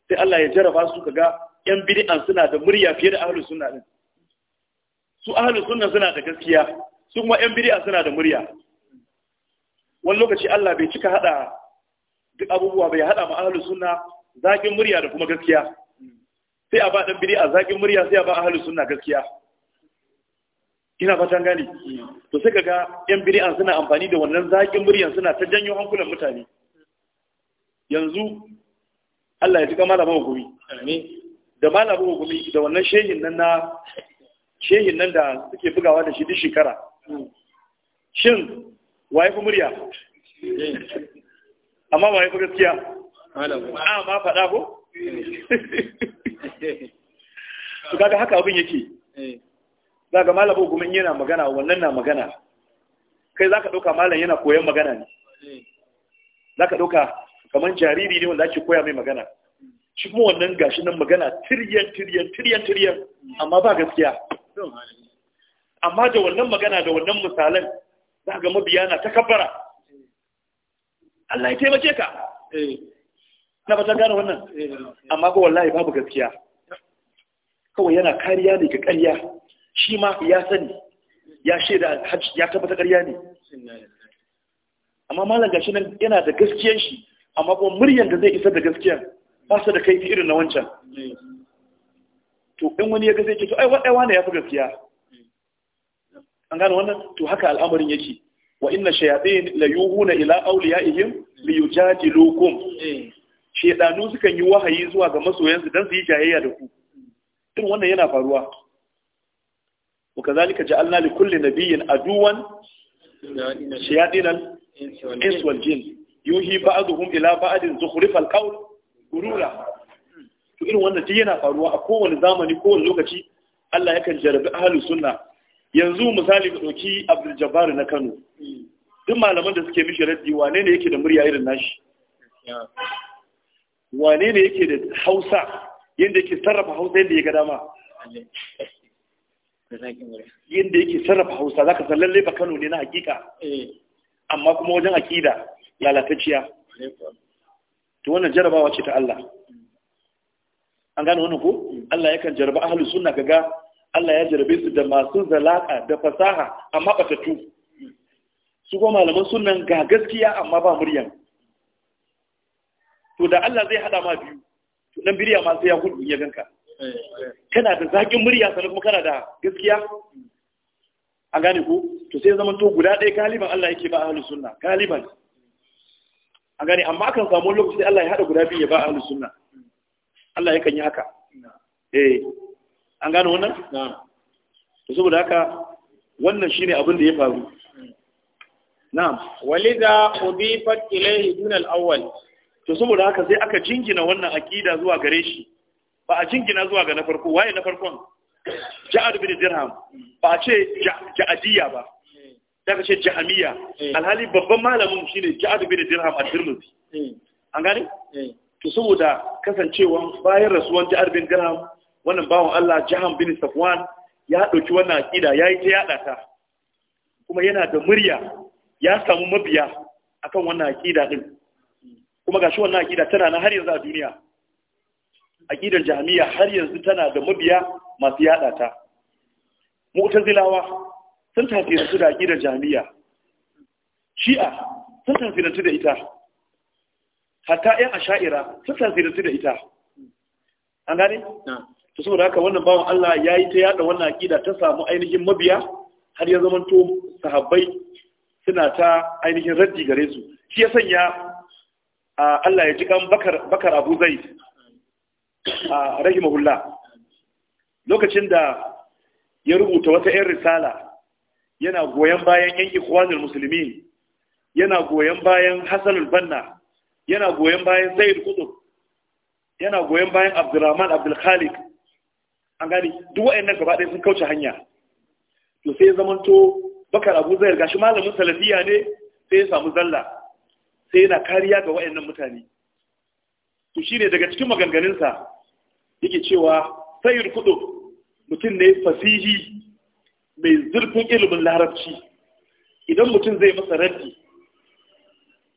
sai Allah ya jaraba su kaga yan bid'an suna da murya fiye da ahalus sunna din su ahalus sunna suna da gaskiya su kuma yan bid'a suna da murya wani lokaci Allah bai cika hada duk abubuwa bai hada ma ahlus sunna zakin murya da kuma gaskiya sai a ba dan bid'a zakin murya sai a ba ahlus sunna gaskiya ina fatan gani to sai kaga yan bid'a suna amfani da wannan zakin murya suna ta janyo hankulan mutane yanzu Allah ya cika kamala hukumi. da malamin hukumi da wannan shehin nan na shehin nan da suke bugawa da shi duk shekara mm. shin waye fi murya amma waye fi gaskiya a ma faɗa ko su kaga haka abin yake eh. za ga malamin kuma yana magana wannan na magana kai za ka ɗauka malam yana koyon magana ne eh. za ka ɗauka kamar jariri ne wanda ake koya mai magana shi kuma wannan gashi nan magana tiryan tiryan tiryan tiryan amma ba gaskiya amma da wannan magana da wannan misalan za ga mabiya na ta kabbara Allah ya taimake ka eh. na ba ta gane wannan eh, amma ga wallahi babu gaskiya kawai yana kariya ne ga kariya. shi ma ya sani ya shaida hajji ya tabbata kariya ne amma malam gashi nan yana da gaskiyar shi amma kuma muryar da zai isa da gaskiya ba su da kai irin na wancan eh. to in wani ya gaske to ai ne ya fi gaskiya an gano wannan to haka al'amarin yake wa inna shayatin la yuhuna ila awliyaihim li yujadilukum eh. shedanu sukan yi wahayi zuwa ga masoyansu dan su yi jayayya da ku din wannan yana faruwa wa kazalika ja'alna li kulli nabiyyin aduwan shayatin al-ins wal jin yuhi ba'dhum ila ba'din zukhrif al-qawl gurura to irin wannan duk yana faruwa a kowane zamani kowane lokaci Allah yakan jarabi ahlus sunna yanzu misali mu ɗauki abdul jabbar na kano duk malaman da suke mishi raddi wane ne yake da murya irin nashi wane ne yake da hausa yadda yake sarrafa hausa yadda ya ga dama yadda yake sarrafa hausa zaka san lallai ba kano ne na hakika amma kuma wajen akida lalatacciya to wannan jarabawa ce ta Allah an gane wannan ko Allah yakan jarba ahlus sunna kaga Allah ya jarabe su da masu zalaka da fasaha amma batatu su kuma malaman sunan ga gaskiya amma ba muryan to da Allah zai hada ma biyu to dan biriya ma sai ya gudu ya ganka kana da zakin murya sannan kuma kana da gaskiya an gane ko to sai zaman to guda ɗaya galiban Allah yake ba ahlus sunna galiban an gane amma akan samu lokaci Allah ya hada guda biyu ya ba ahlus sunna Allah yakan yi haka eh an gano wannan to saboda haka wannan ne abin da ya faru na'am walidha obi fakile idun al'awal awwal to saboda haka sai aka jingina wannan akida zuwa gare shi ba a jingina zuwa ga na farko waye na farkon ja'ad bin dirham ba a ce ja'adiyya ba ka ce jahamiya eh. alhali babban malamin shi ne ja'ad bin dirham a tirmidhi eh. an gane eh. to saboda kasancewa bayan rasuwan ja'ad bin dirham wannan bawan Allah Jahan bin Safwan ya ɗauki wannan aƙida ya yi ta yaɗa ta kuma yana da murya ya samu mabiya akan wannan aƙida ɗin kuma gashi wannan aƙida tana na har yanzu a duniya aƙidar jami'a har yanzu tana da mabiya masu yaɗa ta mu'tazilawa sun tafirantu da aƙidar jami'a shi'a sun tafirantu da ita hatta 'yan asha'ira sun tafirantu da ita an gane to saboda haka wannan bawan Allah ya yi ta yada wannan aƙida ta samu ainihin mabiya har ya zamanto sahabbai suna ta ainihin raddi gare su shi ya sanya Allah ya ji kan bakar abu zai a rahimahullah lokacin da ya rubuta wata 'yan risala yana goyon bayan ƴan ikhwanul muslimin yana goyon bayan Hassanul-Banna, yana goyon bayan zaid kudur yana goyon bayan abdurrahman khalid an gane duk wa'annan gaba ɗaya sun kauce hanya to sai zamanto bakar abu zai gashi malamin salafiya ne sai ya samu zalla sai yana kariya ga wa'annan mutane to shine daga cikin maganganunsa yake cewa sayyid kudu mutum ne fasihi mai zurfin ilimin larabci idan mutum zai masa raddi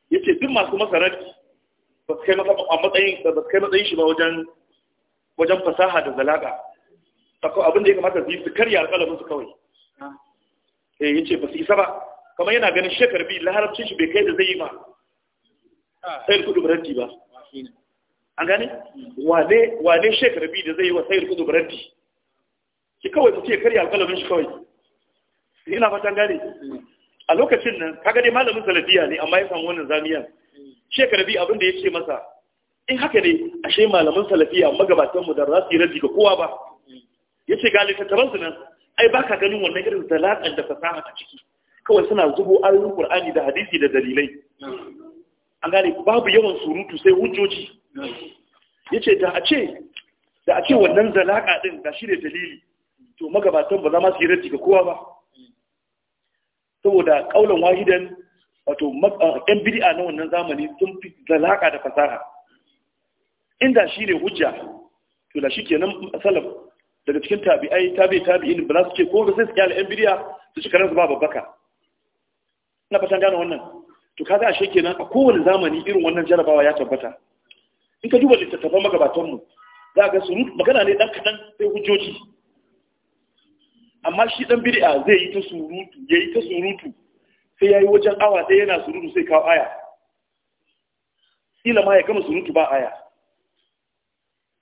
yace duk masu masa raddi ba su kai matsayin shi ba wajen fasaha da zalaka akwai abin da ya kamata su yi su karya alƙalamin su kawai eh yace ba su isa ba kamar yana ganin shekar bi laharabcin shi bai kai da zai yi ma sayar kudu baranti ba an gane wane wane shekar bi da zai yi wa sayar kudu baranti ki kawai su ce karya alƙalamin shi kawai ina fatan gane a lokacin nan ka dai malamin salafiya ne amma ya samu wannan zamiyan shekar bi abin da ya ce masa in haka ne ashe malamin salafiya magabatan mu da za su yi rabi ga kowa ba ya ce ga littattafan su nan ai ba ka ganin wannan irin zalaƙar da fasaha a ciki kawai suna zubo ayoyin qur'ani da hadisi da dalilai an gane babu yawan surutu sai hujjoji ya ce da a ce da a ce wannan zalaƙa ɗin da shi ne dalili to magabatan ba za ma su yi rati ga kowa ba saboda ƙaunar wahidan wato ɗan bid'a na wannan zamani sun fi zalaƙa da fasaha inda shi ne hujja to da shi kenan salaf daga cikin tabi'ai tabi tabi'in ba za su ce ko sai su kyale yan bidiya su ci karansu ba babbaka ina fatan gane wannan to kaga ashe kenan a kowane zamani irin wannan jarabawa ya tabbata in ka duba littattafan magabatan mu za ga su magana ne dan kadan sai hujjoji amma shi dan bid'a zai yi ta surutu yayi ta surutu sai yayi wajen awa ɗaya yana surutu sai kawo aya kila ma ya gama surutu ba aya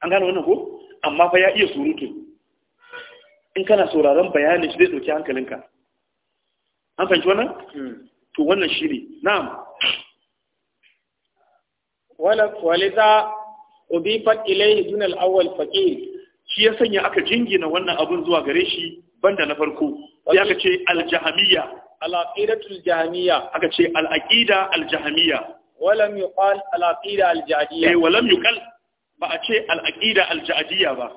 an gane wannan ko amma fa ya iya surutu in kana sauraron bayanin shi zai ɗauki hankalinka an fahimci wannan hmm. to wannan shi ne na'am waliza ubifat ilayhi dun al-awwal faƙi? shi ya sanya aka jingina wannan abun zuwa gare shi banda na farko Ya ka ce aljahamiyya jahamiyya jahamiyya aka ce al aljahamiyya al-jahamiyya walam yuqal al-aqida eh walam yuqal ba a ce al-aqida ba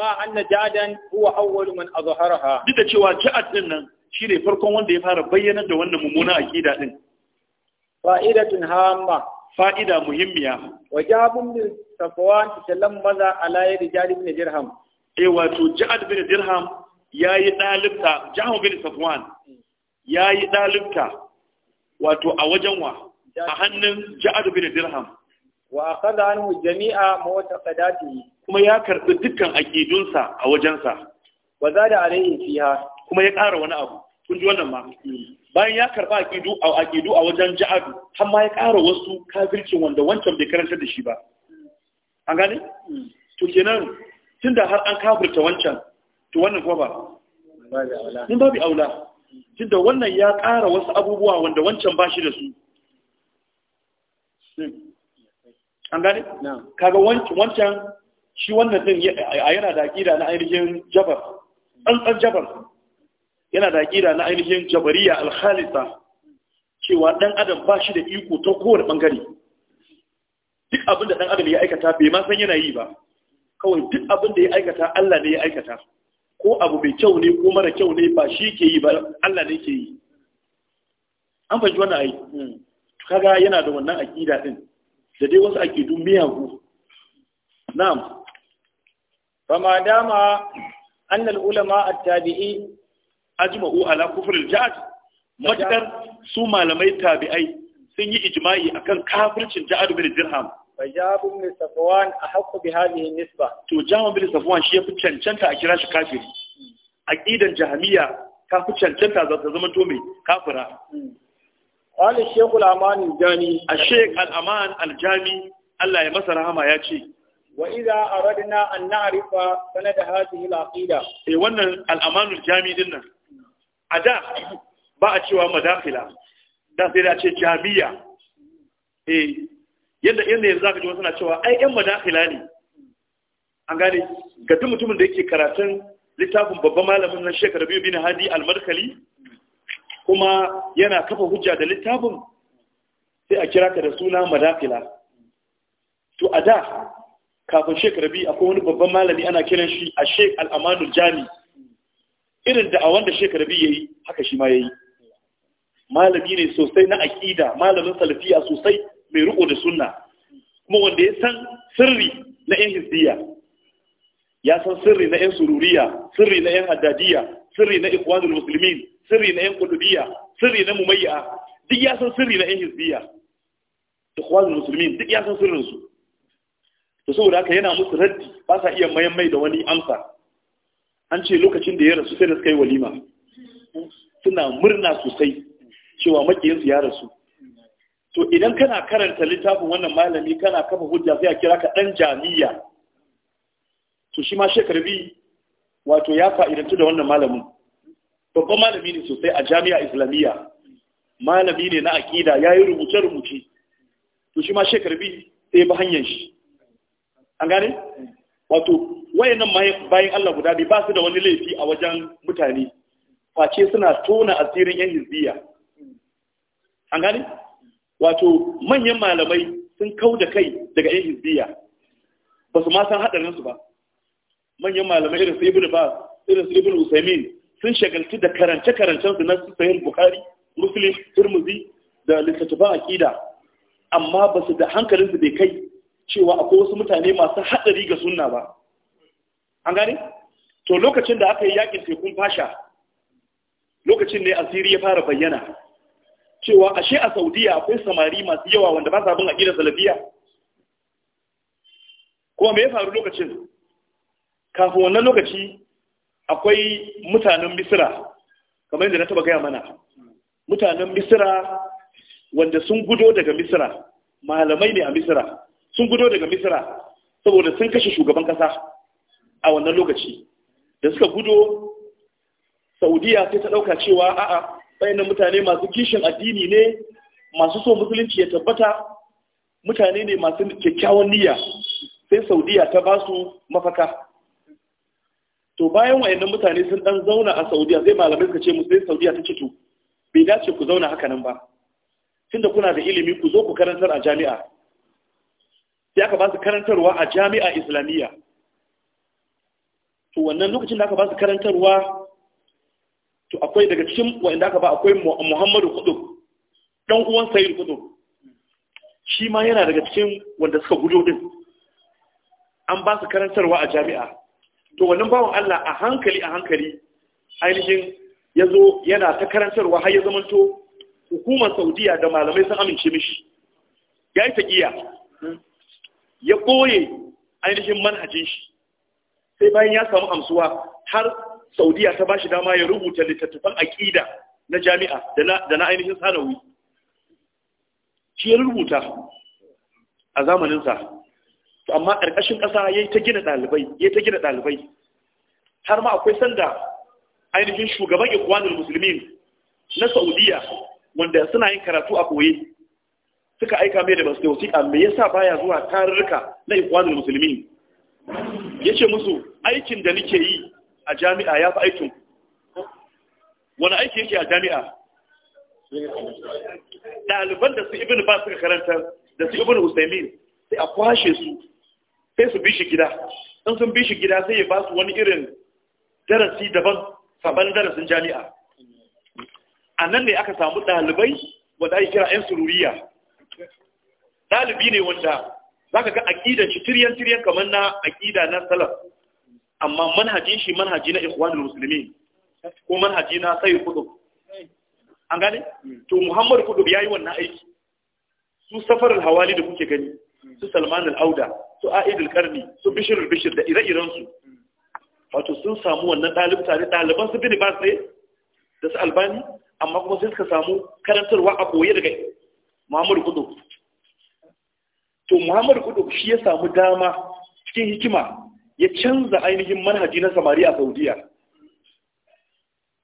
ma anna jadan huwa awwal man azharaha duk da cewa ja'ad din nan shine farkon wanda ya fara bayyana da wannan mummunan akida din fa'idatun hamma fa'ida muhimmiya wajabun jabun safwan tallam maza ala yadi jadi bin dirham eh wato ja'ad bin dirham yayi dalibta jahu bin safwan yayi dalibta wato a wajen wa a hannun ja'ad bin dirham wa akhadha anhu jami'a mu'taqadatihi kuma ya karbi dukkan aqidunsa a wajensa wa zada alayhi fiha kuma ya ƙara wani abu kun ji wannan ma bayan ya karba aqidu a aqidu a wajen ja'adu har ma ya ƙara wasu kafircin wanda wancan bai karanta da shi ba an gane to kenan tunda har an kafirta wancan to wannan kuma ba min babu aula tunda wannan ya ƙara wasu abubuwa wanda wancan ba shi da su hmm. an gane kaga wancan shi wannan din yana da aƙida na ainihin jabar tsantsan jabar yana da aƙida na ainihin jabariya Alhalisa. cewa ɗan adam ba shi da iko ta kowane ɓangare. duk abin da ɗan adam ya aikata bai ma san yana yi ba kawai duk abin da ya aikata Allah ne ya aikata ko abu mai kyau ne ko mara kyau ne ba shi ke yi ba Allah ne ke yi an fahimci wannan ai hmm. kaga yana da wannan aqida din da dai wasu aƙidu miyagu na'am fama dama annal ulama a tabi'i ajma'u ala kufur jihad matakar su malamai tabi'ai sun yi ijma'i akan kafircin jihad bin dirham fajabu bin safwan a hakku bi hadhihi nisba to jama'u bin safwan shi ya fi cancanta a kira shi kafiri aqidan jahmiya ka fi cancanta za zama to mai kafira hmm. قال الشيخ الأمان الجاني الشيخ الأمان الجاني الله يمسى رحمة يا شيخ وإذا أردنا أن نعرف سند هذه العقيدة إيه وانا الأمان الجامي دينا أدا بقى شوى مداخلة داخلة جامية إيه yadda yadda yanzu zaka ji wasu na cewa ai yan madakila ne an gane ga duk mutumin da yake karatun littafin babban malamin nan shekara biyu bin hadi almarkali kuma yana kafa hujja da littafin sai a kira ka da suna madafila to a da kafin shekara biyu akwai wani babban malami ana kiran shi a shek al'amanul jami irin da a wanda shekara biyu ya yi haka shi ma ya yi malami ne sosai na aƙida malamin salafiya sosai mai riko da suna. kuma wanda ya san sirri na yan hisdiya ya san sirri na yan sururiya sirri na yan haddadiya sirri na ikwanul musulmin sirri na yan kudubiya sirri na mumayya duk ya san sirri na yan hizbiya da kwazin musulmi duk ya san sirrin su to saboda haka yana musu raddi ba sa iya mayan da wani amsa an ce lokacin da ya rasu sai da suka yi walima suna murna sosai cewa makiyinsu ya rasu to idan kana karanta littafin wannan malami kana kafa hujja sai a kira ka dan jami'a to shi ma shekarbi wato ya fa'idantu da wannan malamin babban malami ne sosai a jami'a islamiyya malami ne na akida ya yi rubuce-rubuce to shi ma shekarbi sai ba hanyar shi an gane wato wayannan bayan Allah guda biyu ba su da wani laifi a wajen mutane face suna tona asirin yan hizbiya an gane wato manyan malamai sun kau da kai daga yan hizbiya ba su ma san haɗarinsu ba manyan malamai irin su ibnu ba irin su ibnu usaimin sun shagalci da karance-karancen su na sahih Buhari, muslim turmuzi da littattafan akida amma ba su da hankalin su bai kai cewa akwai wasu mutane masu hadari ga sunna ba an gane to lokacin da aka yi yakin tekun fasha lokacin ne asiri ya fara bayyana cewa ashe a saudiya akwai samari masu yawa wanda ba sa bin aqidar salafiya kuma me ya faru lokacin kafin wannan lokaci akwai mutanen misira kamar yadda na taba gaya mana mutanen misira wanda sun gudo daga misira malamai ne a misira sun gudo daga misira saboda sun kashe shugaban kasa a wannan lokaci da suka gudo saudiya sai ta ɗauka cewa a'a bayanan mutane masu kishin addini ne masu so musulunci ya tabbata mutane ne masu kyakkyawan niyya sai saudiya ta ba su mafaka to bayan wayannan mutane sun dan zauna a saudiya sai malamai suka ce musu sai saudiya ta cito bai dace ku zauna haka nan ba tunda kuna da ilimi ku zo ku karantar a jami'a sai aka ba su karantarwa a jami'a islamiyya to wannan lokacin da aka ba su karantarwa to akwai daga cikin wanda aka ba akwai muhammadu kudu dan uwan sayyid kudu shi ma yana daga cikin wanda suka gudu din an ba su karantarwa a jami'a to wannan bawan Allah a hankali a hankali ainihin ya zo yana ta karantarwa har ya zamanto hukumar saudiya da malamai sun amince mishi ya yi taƙiya ya ɓoye ainihin manhajin shi sai bayan ya samu amsuwa har saudiya ta ba shi dama ya rubuta littattafan aƙida na jami'a da na ainihin sanawi shi ya rubuta a zamaninsa amma ƙarƙashin ƙasa yayi ta gina ɗalibai yayi ta gina ɗalibai har ma akwai sanda ainihin shugaban ikwanin musulmin na saudiya wanda suna yin karatu a koye suka aika mai da basu wasiƙa me yasa baya zuwa tarurruka na ikwanul musulmin ce musu aikin da nake yi a jami'a ya fi aikin wani aiki yake a jami'a ɗaliban da su ibn ba suka karanta da su ibn usaimin sai a kwashe su sai su bi shi gida in sun bi shi gida sai ya ba su wani irin darasi daban saban darasin jami'a a nan ne aka samu ɗalibai wanda ake kira 'yan sururiya ɗalibi ne wanda za ka ga aƙidar shi tiryan-tiryan kamar na aƙida na salaf amma manhajin shi manhaji na ikhwanul musulmi ko manhaji na sayi kudu an gane to Muhammadu kudu ya yi wannan aiki su safarar hawali da kuke gani su salmanin auda su a'idul karni su bishirul bishir da ire-iren su wato sun samu wannan ɗalib tare ɗaliban su bini ba su ne da su albani amma kuma sai suka samu karantarwa a koye daga muhammadu kudu to muhammadu kudu shi ya samu dama cikin hikima ya canza ainihin manhaji na samari a saudiya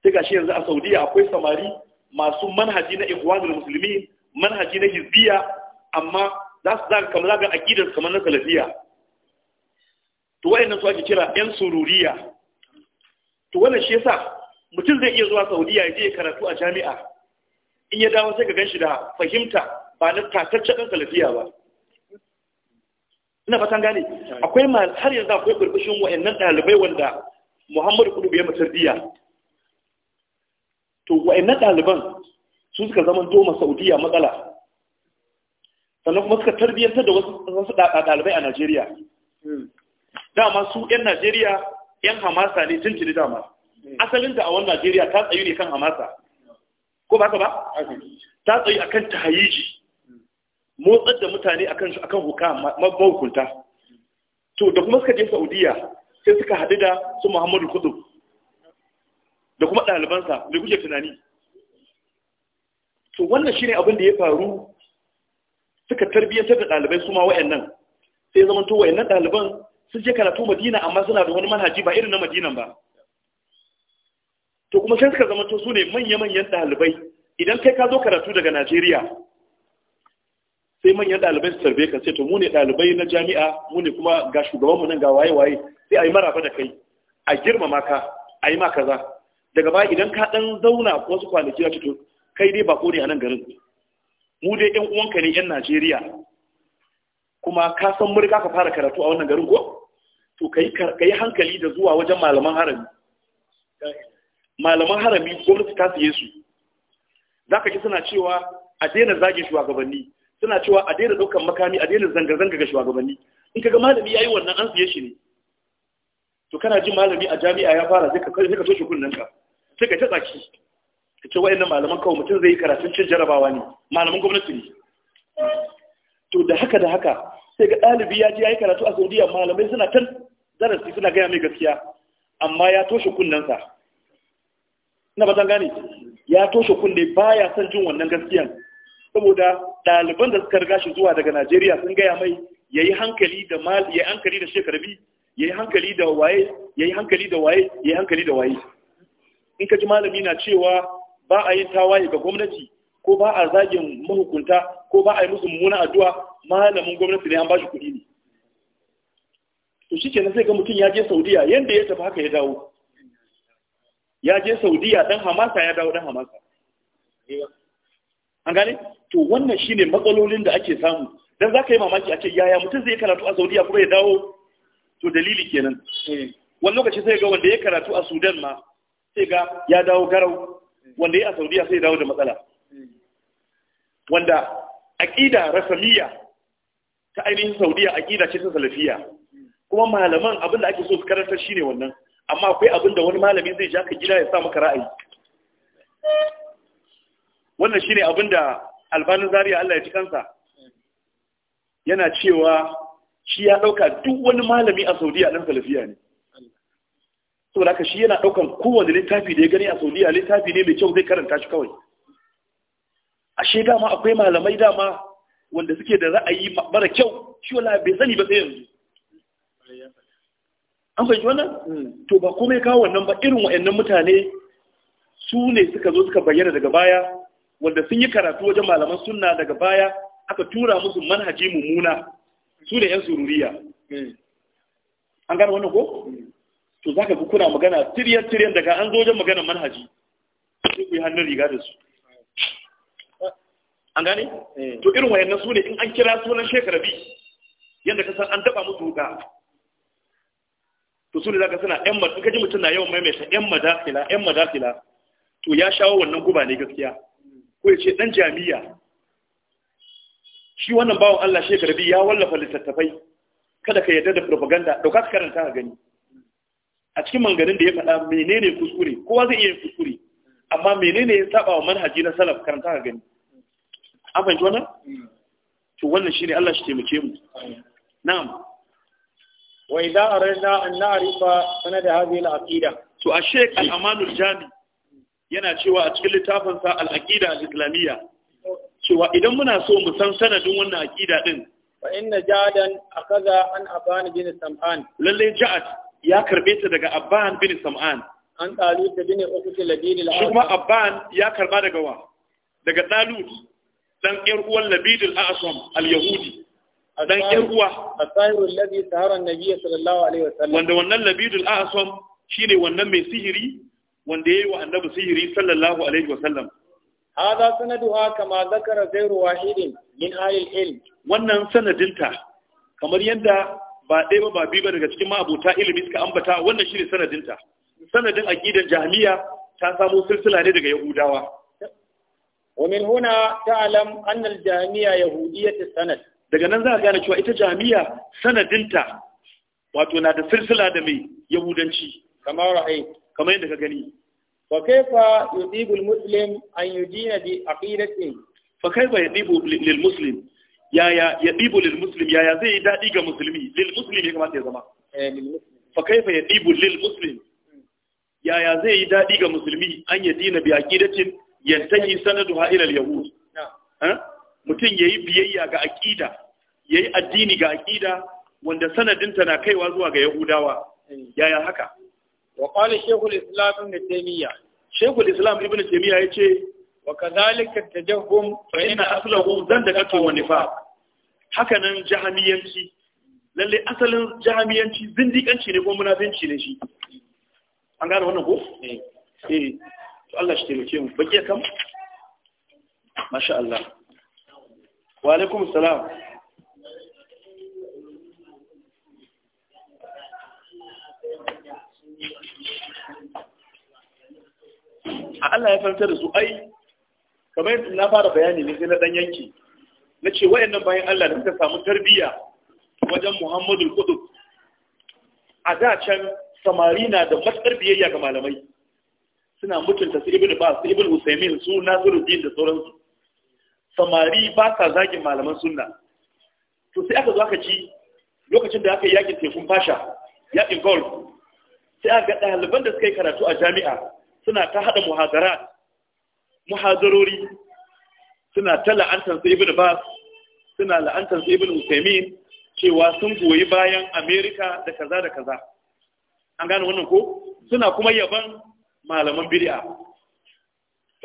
sai ga shi yanzu a saudiya akwai samari masu manhaji na ikhwanul musulmi manhaji na hizbiya amma za su za kamar zaga aƙidar kamar na salafiya to nan su ake kira yan sururiya to wannan shi yasa mutum zai iya zuwa saudiya ya je karatu a jami'a in ya dawo sai ka ganshi da fahimta ba na tataccen ɗan salafiya ba ina fatan gane akwai ma har yanzu akwai burbushin wayannan ɗalibai wanda muhammadu kudu bai diya to wayannan ɗaliban su suka zama doma saudiya matsala sannan kuma suka tarbiyyantar da wasu ɗalibai a Najeriya. Hmm. Dama su 'yan Najeriya 'yan hamasa ne da dama. Hmm. Asalin da a wani Najeriya ta tsayu ne kan hamasa. Ko ba ka ba? Ta tsayu akan tahayiji. Motsar da mutane akan kan akan huka mahukunta. To da kuma suka je Saudiya sai suka haɗu da su Muhammadu Kudu. Da kuma ɗalibansa, da kuke tunani. To wannan shine abin da ya faru suka tarbiyyantar da ɗalibai su ma wa'annan sai zama to wa'annan ɗaliban sun je karatu madina amma suna da wani manhaji ba irin na madinan ba to kuma sai suka zama to su ne manya-manyan ɗalibai idan kai ka zo karatu daga najeriya sai manyan ɗalibai su tarbe ka sai to mu ne ɗalibai na jami'a mu ne kuma ga shugabanmu nan ga waye-waye sai a yi maraba da kai a girmama ka a yi ma kaza daga baya idan ka ɗan zauna wasu kwanaki a to kai dai bako ne a nan garin mu dai yan uwanka ne yan Najeriya kuma ka san muri ka fara karatu a wannan garin ko to kai kai hankali da zuwa wajen malaman harami malaman harami gwamnati ta siye su zaka ji suna cewa a daina zage shugabanni suna cewa a daina daukan makami a daina zanga zanga ga shugabanni in kaga malami yayi wannan an siye shi ne to kana jin malami a jami'a ya fara sai ka sai ka toshe kunnen ka sai ka ta tsaki ce wa'annan malaman kawai mutum zai yi karatun cin jarabawa ne malaman gwamnati ne to da haka da haka sai ga ɗalibi ya ji ya yi karatu a saudiya malamai suna tan darasi suna gaya mai gaskiya amma ya toshe kunnensa na ba gane ya toshe kunne baya son jin wannan gaskiyan saboda ɗaliban da suka riga shi zuwa daga najeriya sun gaya mai ya yi hankali da mal ya yi hankali da shekarbi ya yi hankali da waye ya yi hankali da waye ya yi hankali da waye in ka ji malami na cewa ba a yi tawaye ga gwamnati ko ba a zagin mahukunta ko ba a yi musu mummuna addu'a malamin gwamnati ne an ba shi kuɗi ne to shi kenan sai ga mutum ya je saudiya yadda ya tafi haka ya dawo ya je saudiya dan hamasa ya dawo dan hamasa an gane to wannan shine matsalolin da ake samu dan zaka yi mamaki a ce yaya mutum zai karatu a saudiya kuma ya dawo to dalili kenan eh. wani lokaci sai ga wanda ya karatu a sudan ma sai ga ya dawo garau wanda ya a saudiya sai dawo da matsala wanda aƙida rasamiya ta ainihin saudiya aƙida ce ta salafiya kuma malaman abin da ake so su karanta shine wannan amma akwai abin wani malami zai ja ka gida ya sa maka ra'ayi wannan shine abin da albanin zariya Allah ya ci kansa yana cewa shi ya ɗauka duk wani malami a saudiya ɗan salafiya ne saboda haka shi yana daukan kowanne littafi da ya gani a Saudiya littafi ne mai kyau zai karanta shi kawai ashe dama akwai malamai dama wanda suke da ra'ayi mara kyau shi wala bai sani ba sai yanzu an fahimci wannan hmm. to ba komai kawo wannan ba irin wa'annan mutane su ne suka zo suka bayyana daga baya wanda sun yi karatu wajen malaman sunna daga baya aka tura musu manhaji mummuna su ne yan sururiya hmm. an gane wannan ko hmm. to za ka fi kuna magana tiryan tiryan daga an zojen maganar manhaji sai ku yi hannun riga da su an gane eh. to irin wayannan su ne in an kira sunan shekara bi yadda ka san an taba musu ga to su ne za ka suna yan ka ji mutum na yawan maimaita yan madafila yan madafila to ya shawo wannan guba ne gaskiya ko ya ce dan jami'a shi wannan bawan Allah shekara bi ya wallafa littattafai kada ka yarda da propaganda ɗauka ka karanta ka gani a cikin manganin da ya faɗa menene kuskure kowa zai iya kuskure amma menene ya saba wa manhaji na salaf karanta ka gani an fahimci wannan to wannan shine Allah shi taimake mu na'am wa idza aradna an na'rifa sanad hadhihi al-aqida to a shek al al jami yana cewa a cikin littafin sa al-aqida al-islamiyya cewa idan muna so mu san sanadin wannan aqida din fa inna jadan akaza an abani bin sam'an lalle ja'at ya karbe ta daga abban bin sam'an an talut bin ukhti ofishin al shi kuma abban ya karba daga wa daga talut dan yar uwan labid al al yahudi dan yar uwa asayru alladhi sahara an-nabiy sallallahu alaihi wasallam wanda wannan labid al asam shine wannan mai sihiri wanda yayi wa annabi sihiri sallallahu alaihi wasallam هذا سندها zakara ذكر غير واحد من أهل العلم wannan sanadinta kamar yadda ba ɗaya ba ba biyu ba daga cikin ma'abuta ilimi suka ambata wannan shi ne sanadinta sanadin aƙidar jami'a ta samo silsila ne daga yahudawa ومن هنا تعلم أن الجامية يهودية السند daga nan za a gane cewa ita jami'a sanadinta wato na da silsila da mai yahudanci kamar ra'ayi kamar yadda ka gani fa kaifa yudibu muslim an yudina bi aqidati fa kaifa yudibu lil muslim yaya ya ɗibu lil muslim yaya zai yi daɗi ga musulmi lil muslim ya kamata ya zama eh, fa kaifa ya ɗibu lil muslim yaya zai yi daɗi ga musulmi an ya dina bi aqidatin yantahi sanaduha ila al yahud mutum yayi biyayya ga aqida yayi addini ga aqida wanda sanadinta na kaiwa zuwa ga yahudawa eh. yaya haka wa qala shaykhul islam ibn taymiya shaykhul islam ibn taymiya yace وكذلك التجهم فإن أصله زندقة ونفاق hakanan jahamiyanci lalle asalin jahamiyanci zindikanci ne ko munafinci ne shi an gane wannan ko eh, eh. to Allah shi taimake mu baki kam masha wa alaikum a Allah ya farta da su ai kamar na fara bayani ne sai na dan yanki na ce wayannan bayan Allah da suka samu tarbiyya wajen Muhammadu Qudus a da can samari na da matsar biyayya ga malamai suna mutunta su Ibn Bas su Ibn Usaimin su Nasiruddin da sauransu samari ba sa zagin malaman sunna to sai aka zo aka ci lokacin da aka yi yakin tekun fasha yakin golf sai aka ga ɗaliban da suka yi karatu a jami'a suna ta haɗa muhadarat muhazarori suna ta la'antar sa ibn Bas suna la'antar sa ibn Uthaymeen cewa sun goyi bayan Amerika da kaza da kaza an gane wannan ko suna kuma yaban malaman bid'a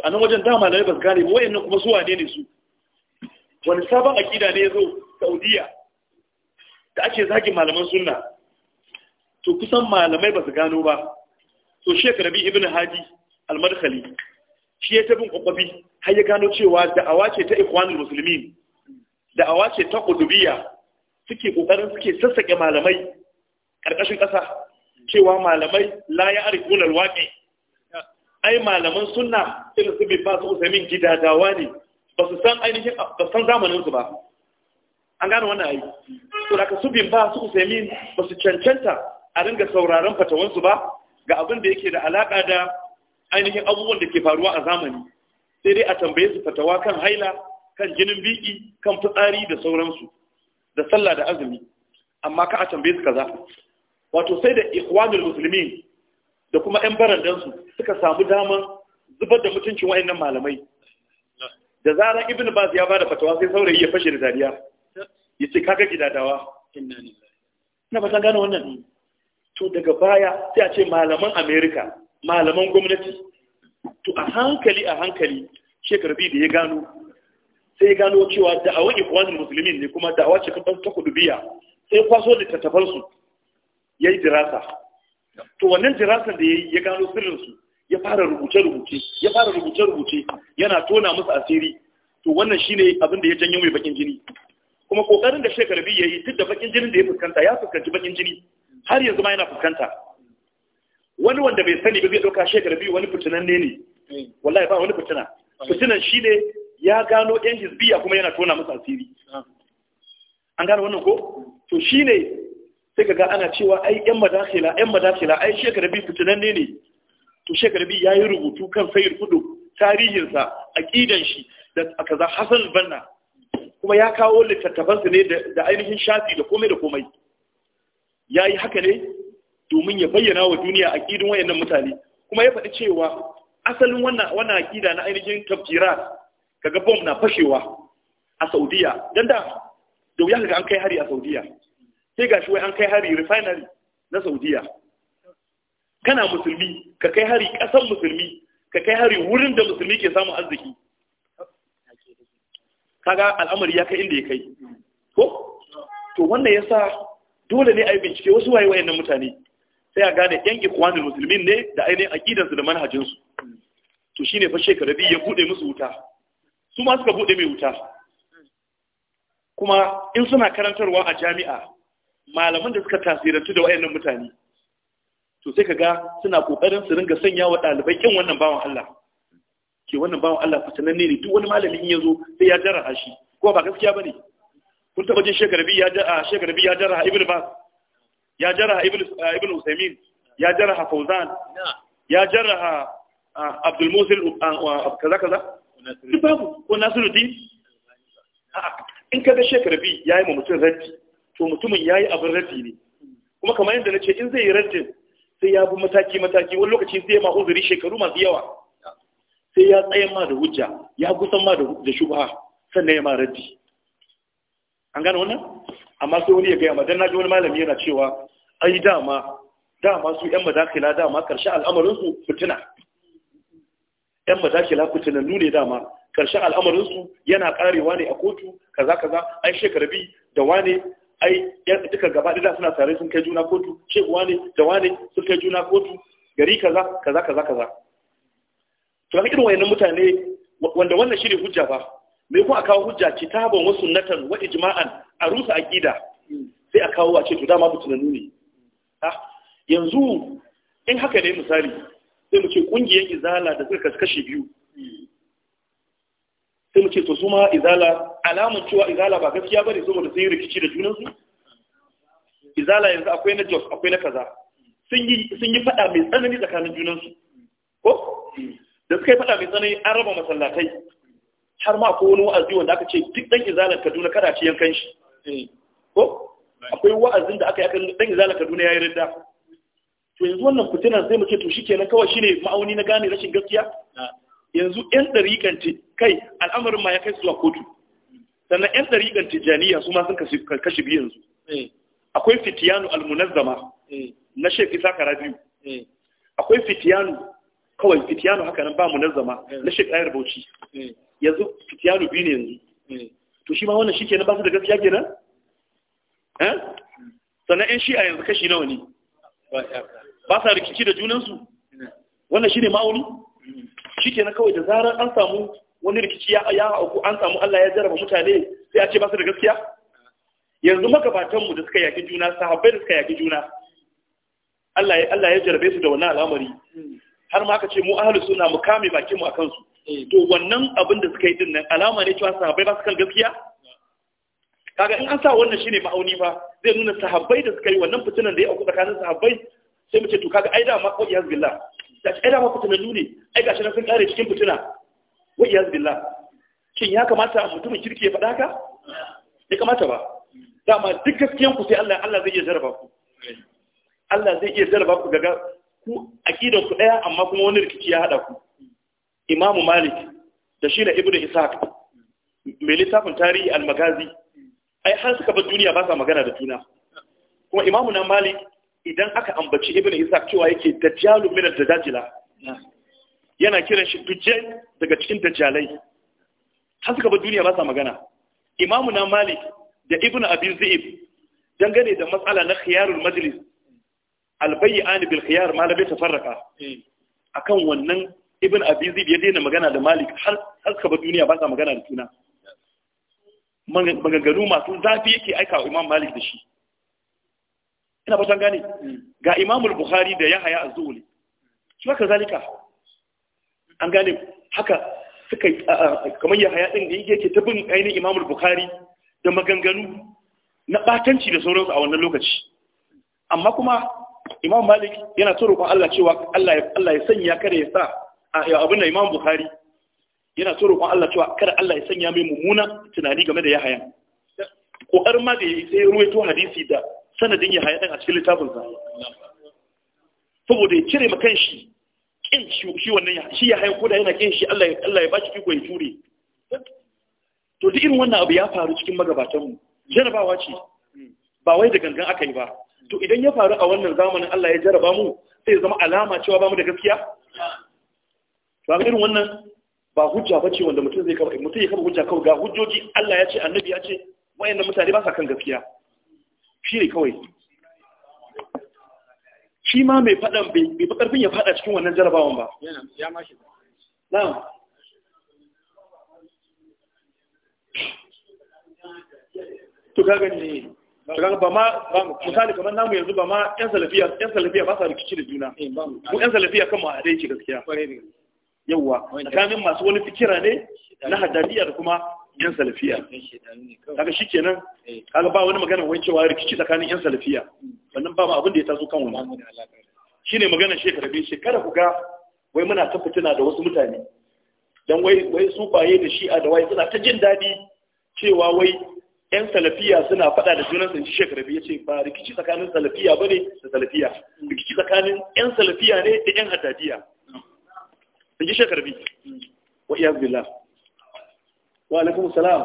a nan wajen da malamai ba su gane ba wayannan kuma su wane ne su wani sabon akida ne ya zo Saudiya da ake zagi malaman sunna to kusan malamai ba su gano ba to shekara bi ibn Hadi al-Madkhali shi ya tabin kwakwabi har ya gano cewa da'awa ce ta ikwanin musulmi da'awa ce ta kudubiya suke kokarin suke sassaƙe malamai ƙarƙashin ƙasa cewa malamai la ya kunar waƙe ai malaman suna irin su bai su gida dawa ne ba su san ainihin ba san zamanin su ba an gano wannan ayi to da su bin ba su usaimin ba su cancanta a ringa sauraron fatawansu ba ga abin da yake da alaƙa da ainihin abubuwan da ke faruwa a zamani sai dai a tambaye su fatawa kan haila kan jinin biki kan fitsari da sauransu da sallah da azumi amma ka a tambaye su kaza wato sai da ikhwanul muslimin da kuma yan barandansu suka samu dama zubar da mutuncin wayannan malamai da zaran ibn baz ya bada fatawa sai saurayi ya fashe da dariya yace kaga gidadawa inna lillahi na ba gane wannan to daga baya sai a ce malaman america malaman gwamnati to a hankali a hankali shekaru biyu da ya gano sai ya gano cewa da wani kwanin musulmin ne kuma da wace kan ta biya, sai ya kwaso tattafansu ya yi dirasa to wannan dirasan da ya gano sirrinsu ya fara rubuce-rubuce ya fara rubuce-rubuce yana tona musu asiri to wannan shine abin da ya janyo mai bakin jini kuma kokarin da shekaru biyu ya yi duk da bakin jinin da ya fuskanta ya fuskanci bakin jini har yanzu ma yana fuskanta wani wanda bai sani ba zai ɗauka shekara biyu wani fitinan ne ne eh. wallahi ba wani fitina eh. fitinan shi ne ya gano yan hizbiya kuma yana tona musu asiri ah. an gano wannan ko to shi ne sai ka ga ana cewa ai yan madakila yan madakila ai shekara biyu fitinan ne ne to shekara biyu ya yi rubutu kan sayar kudu tarihinsa aƙidan shi da kaza hasan banna kuma ya kawo littattafansa ne da ainihin shafi da komai da komai ya yi haka ne domin ya bayyana wa duniya a ƙidin wayannan mutane kuma ya faɗi cewa asalin wannan wannan aqida na ainihin tafjirat kaga bom na fashewa a Saudiya dan da da wuya kaga an kai hari a Saudiya sai gashi wai an kai hari refinery na Saudiya kana musulmi ka kai hari ƙasan musulmi ka kai hari wurin da musulmi ke samun arziki kaga al'amari ya kai inda ya kai ko to wannan yasa dole ne a yi bincike wasu waye wayannan mutane sai a gane yan ikwanin musulmin ne da ainihin aƙidansu da manhajinsu to shine fa shekara biyu ya buɗe musu wuta su ma suka buɗe mai wuta kuma in suna karantarwa a jami'a malaman da suka tasirantu da wayannan mutane to sai ka ga suna kokarin su ringa sanya wa ɗalibai kin wannan bawan Allah ke wannan bawan Allah fitananne ne duk wani malami in yazo sai ya jarraha shi ko ba gaskiya bane kun taba jin shekara biyu ya jarraha shekara biyu ya jarraha ibnu bas ya jaraha ibn eh, usaimin ya jaraha fauzan ya jaraha eh, abdul musil eh, kaza kaza babu ko nasiruddin in ka ga bi ya yi ma mutum raddi to mutumin ya yi abin raddi ne kuma kamar yadda na ce in zai yi raddin sai ya bi mataki-mataki wani lokaci sai ma uzuri shekaru masu yawa sai ya tsayan ma da hujja ya gusan ma da shubha sannan ya ma raddi an gane wannan amma sai wani ya gaya ma na ji wani malami yana cewa ai dama dama su yan madakila dama karshe al'amarinsu fitina ƴan madakila fitinannu ne dama karshe al'amarinsu yana karewa ne a kotu kaza kaza ai bi da wane ai ƴan duka gaba ɗaya suna tare sun kai juna kotu ce wane da wane sun kai juna kotu gari kaza kaza kaza kaza to haka irin wayannan mutane wanda wannan shine hujja ba me ko a kawo hujja kitaban wa sunnatan wa ijma'an a rusa aqida sai a kawo a ce to dama fitinannu ne yanzu in haka ne misali sai mu ce kungiyar izala da suka kashe biyu sai mu ce to su ma izala alamun cewa izala ba gaskiya ba ne saboda sun yi rikici da junansu izala yanzu akwai na jos akwai na kaza sun yi fada mai tsanani tsakanin junansu ko da suka yi fada mai tsanani an raba masallatai har ma ko wani wa'azi wanda aka ce duk dan izalar kaduna kada ce yankan shi eh. ko akwai wa'azin da aka yi akan dan izala Kaduna yayi ridda to yanzu wannan fitinan sai mu ce to shikenan kawai shine ma'auni na gane rashin gaskiya yanzu yan dariƙan kai al'amarin ma ya kai zuwa kotu sannan yan dariƙan tijaniya su ma sun kashe biyu yanzu eh. akwai fitiyanu almunazzama eh. na Sheikh Isa biyu. Eh. akwai fitiyanu kawai fitiyanu haka nan ba munazzama na Sheikh Ayar Bauchi yanzu fitiyanu biyu ne yanzu to shi ma wannan shikenan ba su da gaskiya kenan Eh? sannan yan a yanzu kashi nawa ne ba sa rikici da junansu wannan shi ne ma'auni shi ke na kawai da zarar an samu wani rikici ya auku an samu Allah ya jarraba mutane sai a ce ba su da gaskiya yanzu magabatanmu da suka yaki juna sahabbai da suka yaki juna Allah ya Allah jarrabe su da wannan al'amari har ma aka ce mu ahlus suna mu kame bakinmu a kansu. Eh. to wannan abin da suka yi din nan alama ne cewa sahabbai ba su kan gaskiya kaga in an sa wannan shine ma'auni fa zai nuna sahabbai da suka yi wannan fitinan da ya auku tsakanin sahabbai sai mu ce to kaga ai da ma wa iyaz billah da ai da ma fitinan ne ai gashi na sun kare cikin fitina wa iyaz billah shin ya kamata mutumin kirki ya faɗa ka ya kamata ba dama duk gaskiyan ku sai Allah Allah zai iya zarba ku Allah zai iya zarba ku daga ku aqidan ku daya amma kuma wani rikici ya hada ku Imam Malik da shi da Ibn Ishaq mai littafin tarihi al-Magazi ai har suka bar duniya ba sa magana da juna kuma imamu na malik idan aka ambaci ibn isa cewa yake dajjalu min ad-dajjala yana kiran shi dujjal daga cikin dajjalai har suka bar duniya ba sa magana imamu na malik da ibn abi zaib dangane da matsala na khiyarul majlis albayyani bil khiyar ma la bai tafarraka eh. akan wannan ibn abi zaib ya daina magana da malik har har suka bar duniya ba sa magana da juna maganganu masu zafi yake aika wa imam malik da shi ina fatan gane hmm. ga imamul bukhari da yahaya az-zuhri shi haka zalika an gane haka suka kamar yahaya ɗin da yake ta bin ainihin imamul bukhari da maganganu na batanci da sauransu a wannan lokaci amma kuma imam malik yana ta ko Allah cewa Allah ya sanya kada ya sa a abin da imam bukhari yana so roƙon Allah cewa kada Allah ya sanya mai mummuna tunani game da ko har ma da ya sai ruwaito hadisi da sanadin Yahaya din a cikin littafin sa saboda ya cire ma kanshi kin shi wannan shi haya ko da yana kin shi Allah Allah ya bashi kiko ya jure to duk irin wannan abu ya faru cikin magabatan mu jarabawa ce ba wai da gangan aka yi ba to idan ya faru a wannan zamanin Allah ya jaraba mu sai zama alama cewa ba mu da gaskiya ba irin wannan ba hujja ba ce wanda mutum zai kama mutum ya kama hujja kawai ga hujjoji Allah ya ce annabi ya ce wayannan mutane ba sa kan gaskiya shi ne kawai shi ma mai fadan bai fi karfin ya faɗa cikin wannan jarabawan ba ya mashi na'am to ka gani eh. kaga ba ma misali kamar namu yanzu ba ma yan salafiya yan salafiya ba sa rikici da juna eh, mu yan salafiya kan mu a dai ce gaskiya yawwa tsakanin masu wani fikira ne na haddadiya da kuma yan salafiya shi kenan eh. kaga ba wani magana wani cewa rikici tsakanin yan salafiya wannan ba ma abin da ya taso kan wani shine magana shekara biyu shekara ku ga wai muna ta fitina da wasu mutane dan wai wai su baye da shi'a da wai suna ta jin dadi cewa wai yan salafiya suna faɗa da junan sun shekara biyu ce. ba rikici tsakanin salafiya bane da salafiya rikici tsakanin yan salafiya ne da yan hadadiya in ji shekarbi wa iya billah wa alaikum salam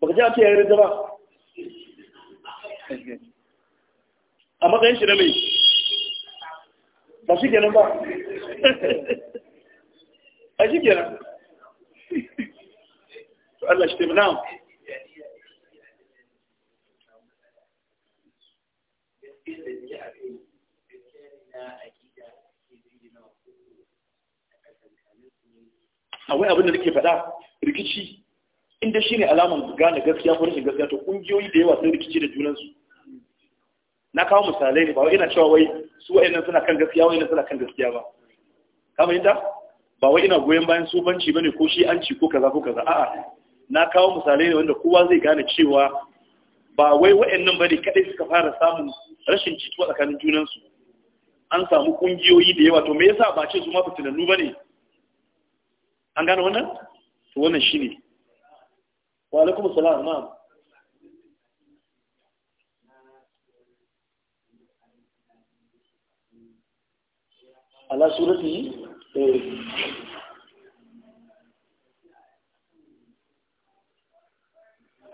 baka ji a ce ya yi ba a matsayin shi na mai ba shi kenan ba a shi kenan to Allah shi taimina wai abin da nake faɗa rikici inda shi ne alaman gane gaskiya ko rashin gaskiya to ƙungiyoyi da yawa sun rikici da junansu na kawo misalai ne ba wai ina cewa wai su wa'annan suna kan gaskiya wa'annan suna kan gaskiya ba kama yadda ba wai ina goyon bayan su banci bane ko shi an ci ko kaza ko kaza a'a na kawo misalai ne wanda kowa zai gane cewa ba wai wa'annan bane kadai suka fara samun rashin jituwa tsakanin junansu an samu kungiyoyi da yawa to me yasa ba ce su ma fitinannu bane an gano wannan to wannan shine wa alaikum assalam na'am ala surati eh.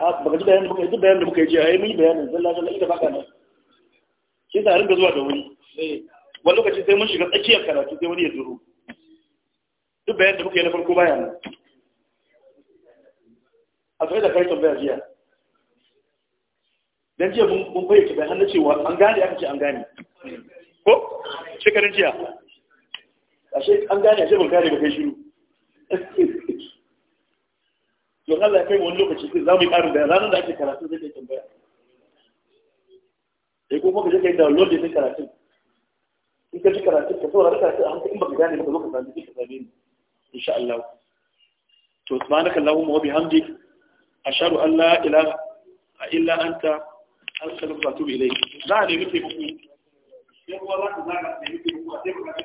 a ah, baka ji bayanin muka yi bayanin da muka yi jiya ya eh, yi bayanin zalla zalla ita baka nan shi ta rinka zuwa da wuri eh. wani lokaci sai mun shiga tsakiyar karatu sai wani ya zuru duk bayan da muka yi na farko baya nan a tsaye da kaiton bayan jiya don jiya mun fahimci bai hannu cewa an gane aka ce an gane ko shekarun jiya ashe an gane a ce ban gane ba kai shiru don Allah kai wani lokaci sai za mu yi ƙarin bayan ranar da ake karatu zai kai tambaya sai kuma ka je kai download da sai karatu in ka ji karatu ka saurari karatu a hankali in baka gane ba ka zo ka sami ka same ni insha Allah to subhanaka allahumma wa bihamdik ashhadu an la ilaha illa anta astaghfiruka wa atubu ilayk da ne muke muku yan uwa za ka nemi muku